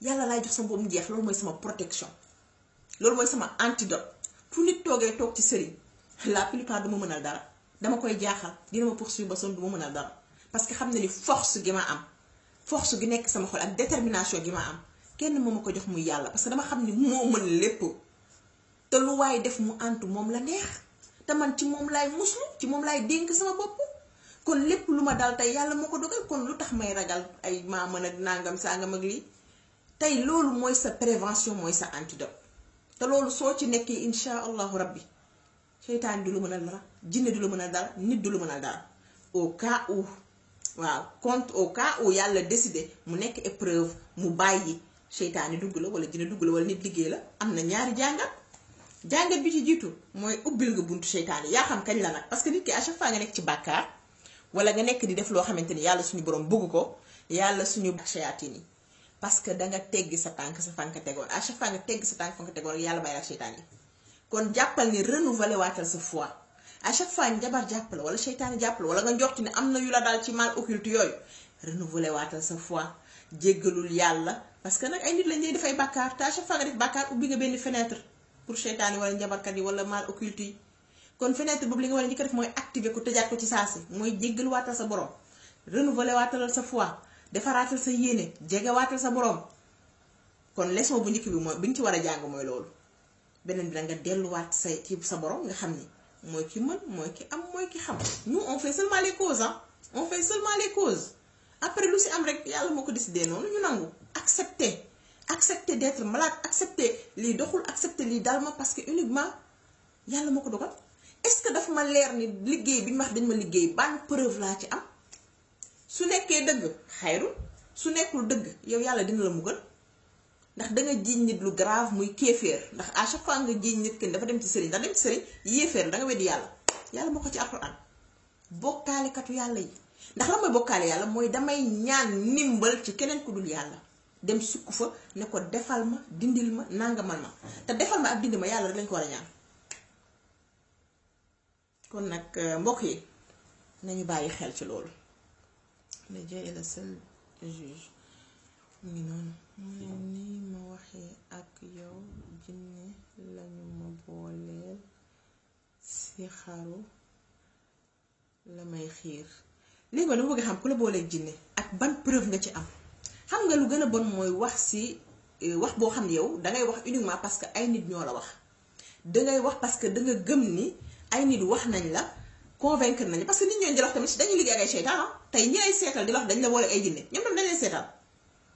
yàlla laa jox sama boobu mu jeex loolu mooy sama protection loolu mooy sama antidote fu nit toogee toog ci sëriñ la plupart du ma mënal dara. dama koy jaaxal dina ma poursuivre ba son du mën a dara parce que xam na ni force gi ma am force gi nekk sama xol ak détermination gi ma am kenn moo ma ko jox muy yàlla parce que dama xam ni moo mën lépp te lu waaye def mu antu moom la neex te man ci moom laay muslu ci moom laay dénk sama bopp kon lépp lu ma dal tey yàlla moo ko dogal kon lu tax may ragal ay maa mën a nangam sangam mag lii tey loolu mooy sa prévention mooy sa antidote te loolu soo ci nekkee incha allahu rabbi seytaan du lu mën a dara jinne du la mën a dara nit du la mën a dara au cas où waaw compte au cas où yàlla décidé mu nekk épreuve mu bàyyi seytaane dugg la wala jinne dugg la wala nit liggéey la am na ñaari jàngat jàngat bi ci jiitu mooy ubbil nga buntu seytaane yaa xam kañ la nag parce que nit ki à chaque nga nekk ci bàkkaar wala nga nekk di def loo xamante ni yàlla suñu borom bëgg ko yàlla suñu seyaatin yi parce que danga teggi sa tànk sa fanka tegoon à chaque nga teggi sa tànk fanka yàlla bàyyi kon jàppal ni renouveler sa foi à chaque fois ñu jabar jàpp la wala seytaane jàpp la wala nga njort ne am na yu la daal ci mal occulte yooyu renouveler waatal sa foi jéggalul yàlla parce que nag ay nit lañ lay dafay bàkkaar te à chaque fois nga def bàkkaar ubbi nga benn fenêtre pour seytaane wala njabarkat yi wala mal occulte yi kon fenêtre boobu li nga war a njëkk def mooy activer ko tëjaat ko ci saasi mooy jéggal waatal sa borom renouveler waatalal sa foi defaraatal sa yéene jege sa borom kon leçon bu njëkk bi mooy bi ñu ci war a jàng mooy loolu beneen bi da nga delluwaat say ci sa borom nga xam ni mooy ki mën mooy ki am mooy ki xam nous on fait seulement les causes ah on fait seulement les causes après lu si am rek yàlla moo ko décidé noonu ñu nangu accepter accepter d'être malade accepter lii doxul accepter lii daal ma parce que uniquement yàlla ma ko dogal est-ce que daf ma leer ni liggéey bi ñu wax dañ ma liggéey ban preuve laa ci am su nekkee dëgg xayru su nekkul dëgg yow yàlla dina la mugal ndax da nga jiiñ nit lu grave muy kéeféer ndax à chaque fois nga jiiñ nit kenn dafa dem ci sëriñ ndax dem ci sëriñ yéeféer la da weddi yàlla yàlla moo ko ci alxuraan bokkaalekatu yàlla yi ndax la mooy bokkaale yàlla mooy damay ñaan ndimbal ci keneen ku dul yàlla dem sukk fa ne ko defal ma dindil ma nangamal ma te defal ma ak dindi ma yàlla rek lañ ko war a ñaan kon nag euh, mbokk yi nañu bàyyi xel ci loolu le Dieu noonu mu ne ma waxee ak yow jinne lañu ma booleel ci xaru la may xiir léegi dama bëgg xam ku la booleeg jinne ak ban preuve nga ci am xam nga lu gën a bon mooy wax si euh, wax boo xam ne yow dangay wax uniquement parce que ay nit ñoo la wax dangay wax parce que danga gëm ni ay nit wax nañ la convaincre nañ la parce que nit ñoo di wax tamit dañuy liggéey ak ay seytaan ah. tey ñi lay seetal di wax dañ la boole ay jinne ñoom tam dañ lay seetal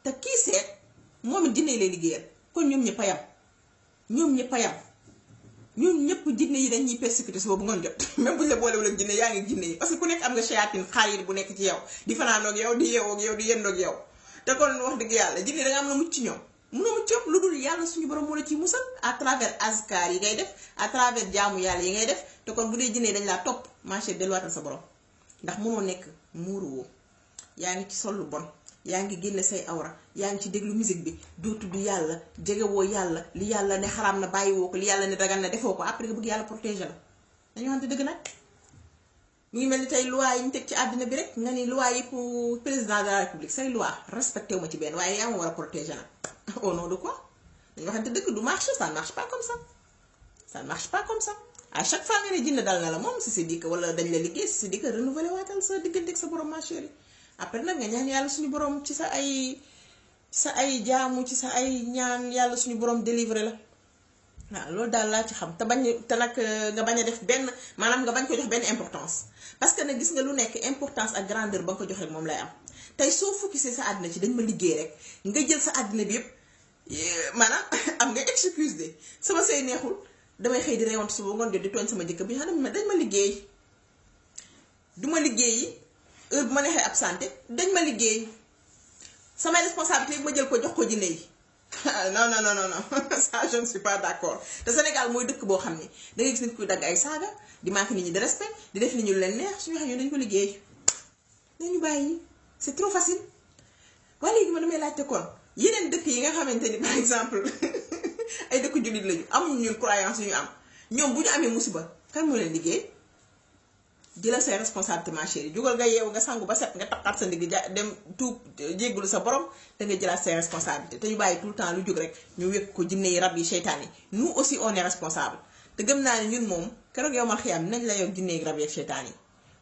te kii seet moom it jinne lay liggéeyal kon ñoom ñëpp a yam ñoom ñëpp a yam ñoom ñëpp jinne yi dañuy persécuté si bu ngoon jot même bu ñu la boolewul ak jinne yaa ngi jinne yi parce que ku nekk am nga shayatin xaayir bu nekk ci yow di fanaanoog yow di yeewoog yow di yendoog yow te kon wax dëgg yàlla jinne da nga am na mucc ci ñoom mënoo mucc lu dul yàlla suñu borom moo la ciy musal à travers azkar yi ngay def à travers jaamu yàlla yi ngay def te kon bu dee jinne dañ laa topp marché delluwaatal sa borom ndax mënoo nekk muuru yaa ngi ci sol lu bon yaa ngi génne say awra yaa ngi ci déglu musique bi duutu du yàlla jegewoo yàlla li yàlla ne xaraam na bàyyiwoo ko li yàlla ne dagan na defoo ko après nga bëgg yàlla protéger la dañu wante dëgg nag mu ngi mel ni tey loi yi ñu teg ci àddina bi rek nga ni loi yi pour président de la république say loi respecté ci benn waaye yaa ma war a protéger nag au nom de quoi dañu waxante dëgg du marché ça marche pas comme ça ça ne nga ne jënd dal na la moom si si dikk wala dañ la liggéey si si dikk renouveler waatal sa diggante ak sa borom marché après nag nga ñaan yàlla suñu borom ci sa ay sa ay jaamu ci sa ay ñaan yàlla suñu borom délivré la waaw loolu daal laa ci xam te bañ te nag euh, nga bañ a def benn maanaam nga bañ ko jox benn importance parce que nag gis nga lu nekk importance ak grandeur ba nga ko joxee moom lay am tey soo focusé sa àddina ci dañ ma liggéey rek nga jël sa àddina bi yëpp maanaam am nga excuse de sama say neexul damay xëy di reewante suba ngoon jot di tooñ sama jëkk bi xam ne dañ ma liggéey du ma liggéey heure bu ma neexee absenté dañ ma liggéey samay responsabilité ma jël ko jox ko jinne yi non non non non ça je ne suis pas d' te Sénégal mooy dëkk boo xam ne da ngay gis nit kuy dagg ay saaga di manqué nit ñi de respect di def nit ñu leen neex suñu xam dañ ko liggéey dañu bàyyi c' est trop facile waaye léegi ma damay laajte kon yeneen dëkk yi nga xamante ni exemple ay dëkk jullit lañu amuñu ñun croyance yu ñu am ñoom bu ñu amee musiba kan moo leen liggéey. jëlal say responsabilité ma chérie jugal nga yeewu nga sangu ba set nga takkaat sa ndigg ja dem tuub jéggalu sa borom te nga jëlaat say responsabilité te ñu bàyyi tout le lu jóg rek ñu wékk ko jinne yi rab yi seytaan yi nous aussi on responsable te gëm naa ne ñun moom keroog yow ma xiyaam nañ la yokk jinne yi rab yi seytaan yi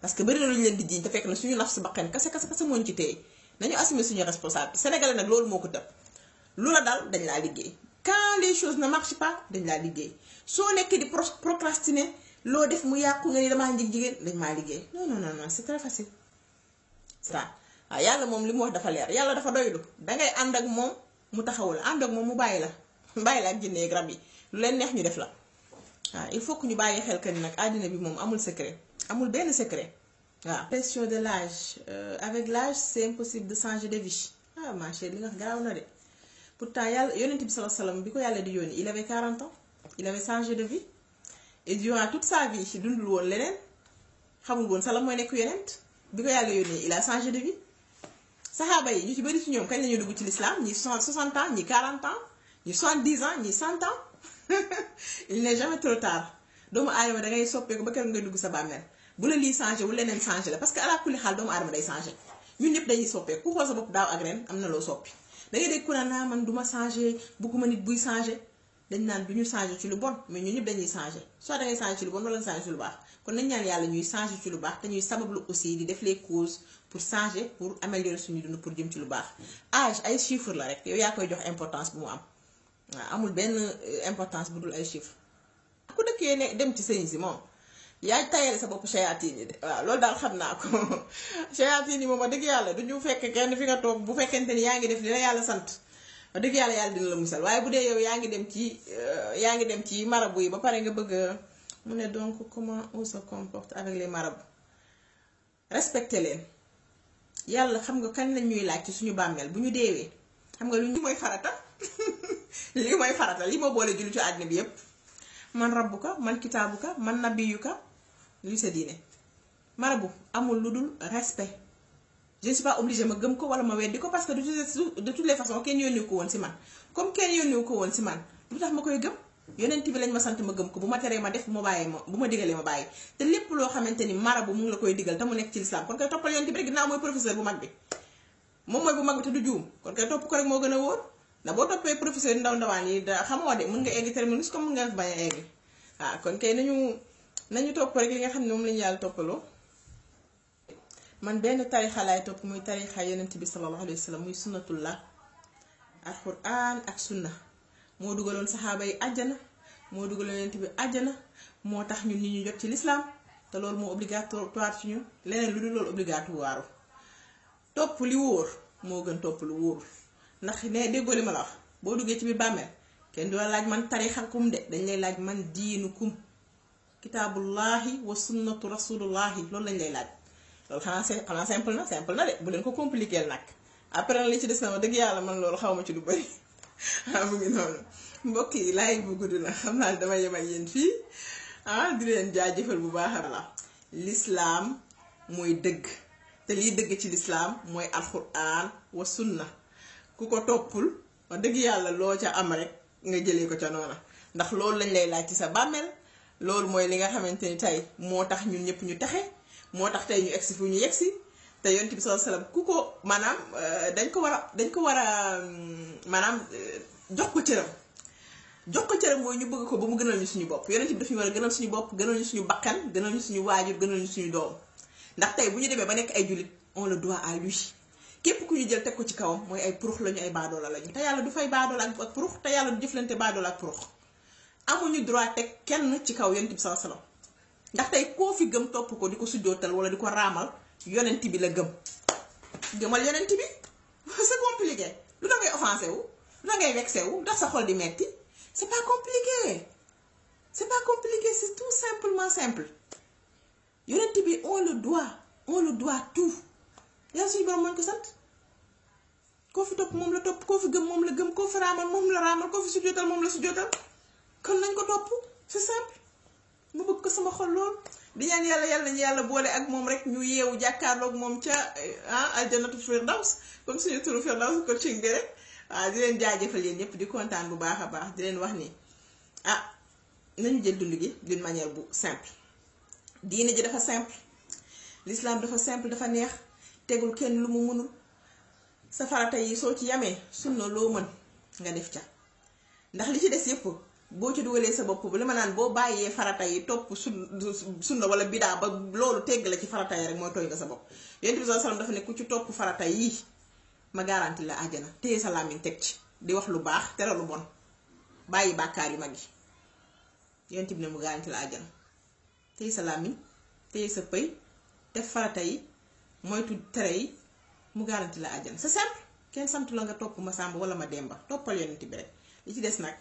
parce que bëri na lu ñu leen di jiiñ te fekk na suñu naf si baqen kase kase kase mooñ ci téye nañu assumer suñu responsabilité sénégalais moo ko tëb lu la dañ laa liggéey quand les choses ne dañ laa liggéey soo nekkee di procrastiner loo def mu yàqu nga ni damaa njig jigéen dañ maa liggéey non non non c'est très facile ça waaw ah, yàlla moom li mu wax dafa leer yàlla dafa doylu dangay ànd ak moom mu taxawu la ànd ak moom mu bàyyi la bàyyi la ak jinne ak rab yi lu leen neex ñu def la waaw ah, il faut que ñu bàyyi xel que ni nag àddina bi moom amul secret amul benn secret waaw. Ah, pression de lage euh, avec l'âge c'est impossible de changer de vie ah ma chère li nga garaaw na de pourtant yàlla yonent bi sallallahu alayhi bi ko yàlla di yónni il avait 40 changé de vie. et durant tout sa vie ci dundul woon leneen xamul woon sax la mooy nekk yonent bi ko yàlla yónnee il a changé de vie saxaaba yi ñu ci bëri su ñoom kañ la dugg ci l'islam ñi 60 ans ñi 40 ans ñi 70 ans ñi 100 ans il n'est jamais trop tard doomu aadama da ngay soppeeku ba keroog ngay dugg sa bàmmeel bu la lii changé wu leneen changé la parce que alaa kulli xaal doomu aadama day changé ñun ñëpp dañuy soppeeku ku xool sa bopp daaw ak ren am na loo soppi ah, man ma changé bëgguma nit buy changé. dañ naan du ñu changé ci lu bon mais ñu ñëpp dañuy changé soit dangay changé ci lu bon wala nga changé ci lu baax kon nañ ñaan yàlla ñuy changé ci lu baax te ñuy sabablu aussi di def les causes pour changer pour améliorer suñu dund pour jëm ci lu baax âge ay chiffres la rek yow yaa koy jox importance bu mu am waaw amul benn euh, importance bu dul ay chiffres. ku dëkkee ne dem ci sëñ si moom yaa tayale sa bopp shayatin yi de waaw loolu daal xam naa ko shayatin yi yàlla du ñu fekk kenn fi bu fekkente ni yaa ngi def li yàlla sant. wax yàlla yàlla dina la musal waaye bu dee yow yaa ngi dem ci euh, yaa ngi dem ci marabu yi ba pare nga bëgg mu ne donc comment on se comporte avec les marabouts respecté leen yàlla xam nga kañ lañ ñuy laaj ci suñu bàmmeel bu ñu deewee xam nga lu ñu mooy farata lii mooy farata lii moo boole julli ci àddina bi yépp man rabbuka man kitaabuka man nabiyuka luy sa diine marabu amul lu dul respect je ne suis pas obligée ma gëm ko wala ma weddi ko parce que de toutes de toutes kenn yónni ko woon si man comme kenn yónni ko woon si man lu tax ma koy gëm yonent bi lañ ma sant ma gëm ko bu ma teree ma def bu ma bàyyi ma bu loo xamante ni marabu mu ngi la koy digal te mag bi moom mooy bu mag bi te du juum kon koy topp ko rek moo gën a wóor ndax boo toppee professeur yi ndaw ndawaan yi da xamoo de mën nga egg terminus comme mën nga bañ a egg waaw ah, kon kay nañu nañu topp rek li nga xam ne moom la ñu yàlla toppaloo man benn tarixa laay topp muy tarixa yonent bi sallallahu alayhi wa sallam muy sunnatullah alquran ak sunna moo dugaloon saxaaba yi àjjana moo dugaloon yonent bi àjjana moo tax ñu ñi ñu jot ci lislaam te loolu moo obligatoire ci leneen lu dul loolu obligatoire topp li wóor moo gën topp lu wóor ndax ne déggoo li ma la wax boo duggee ci biir bàmmeel kenn du la laaj man tarixa kum de dañ lay laaj man diinu kum kitaabullahi wa sunnatu rasuulullahi loolu lañ lay laaj loolu xanaa xanaa simple na simple na de bu leen ko compliquer nag après li ci des na ma dëgg yàlla man loolu xaw ma ci lu bëri ah, mbokk yi laay bu gudd na xam naa dama yem ak yéen fii ah di leen jaajëfal bu baax a la lislaam mooy dëgg te liy dëgg ci lislaam mooy alxuraan wa sunna ku ko toppul ma dëgg yàlla loo ca am rek nga jëlee ko ca noona ndax loolu lañ lay laaj ci sa bàmmeel loolu mooy li nga xamante ni tey moo tax ñun ñëpp ñu texe moo tax tey ñu egsi fu ñu yegsi te yonent bi sallallahu alayhi ku ko maanaam euh, dañ ko war a dañ ko war a mm, maanaam euh, jox ko cëram jox ko cëram mooy ñu bëgg ko ba mu gënal ñu suñu bopp yonent bi daf ñu war a gënal suñu bopp gënal ñu suñu bakkan gënal ñu suñu waajur gënal ñu suñu doom ndax tey bu ñu demee ba nekk ay jullit on le doit à lui képp ku ñu jël teg ko ci kawam mooy ay purux lañu ay baadoola lañu te yàlla du fay baadoola ak purux te yàlla du jëflante baadoola ak purux amuñu droit teg kenn ci kaw yonent bi sallallahu alayhi ndax tey koo fi gëm topp ko di ko sujjootal wala di ko raamal yonent bi la gëm gëmal yonent bi c'est compliqué lu da ngay offensé wu lu da ngay vexé ndax sa xol di metti c'est pas compliqué c'est pas compliqué c'est tout simplement simple yonent bi on le doit on le doit tout yàlla suñu borom moo ko sant koo fi topp moom la topp koo fi gëm moom la gëm koo fi raamal moom la raamal koo fi sujjootal moom la sujjootal kon nañ ko topp c'est simple. mu bëgg ko sama xol lool di ñaan yàlla yàlla ñu yàlla boole ak moom rek ñu yeewu jàkkaarlook moom ca eh, ah aljanatu firdaws comme suñu turu firdaws coaching bi rek waaw di leen jaajëfal yéen ñëpp di kontaan bu baax a baax di leen wax ni ah nañu jël dund gi d'une manière bu simple diine ji dafa simple lislaam dafa simple dafa neex tegul kenn lu mu mënul sa farata yi soo ci yamee sunna loo mën nga def ca ndax li ci des yëpp. boo ci dugalee sa bopp bu li ma naan boo bàyyee farata yi topp sun sunna wala bidaa ba loolu tegg la ci farata yi rek mooy tooñ nga sa bopp yonent bi dafa ne ku ci topp farata yi ma garanti la àjjana téye sa làmmiñ teg di wax lu baax tere bon bàyyi bàkkaar yu mag yi yonent bi ne mu garanti la àjjana téye sa làmmiñ téye sa pëy def farata yi moytu tere yi mu garanti la àjjana sa simple kenn sant la nga topp ma sàmb wala ma demba toppal yonent bi rek li ci des nag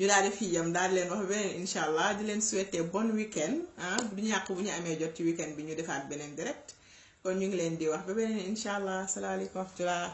ñu daal di fi yem daal di leen wax beneen incha allah di leen souhaiter bon week-end ah du ñàkk bu ñu amee jot ci week-end bi ñu defaat beneen direct kon ñu ngi leen di wax ba beneen incha allah salaamaaleykum wa rahmatulah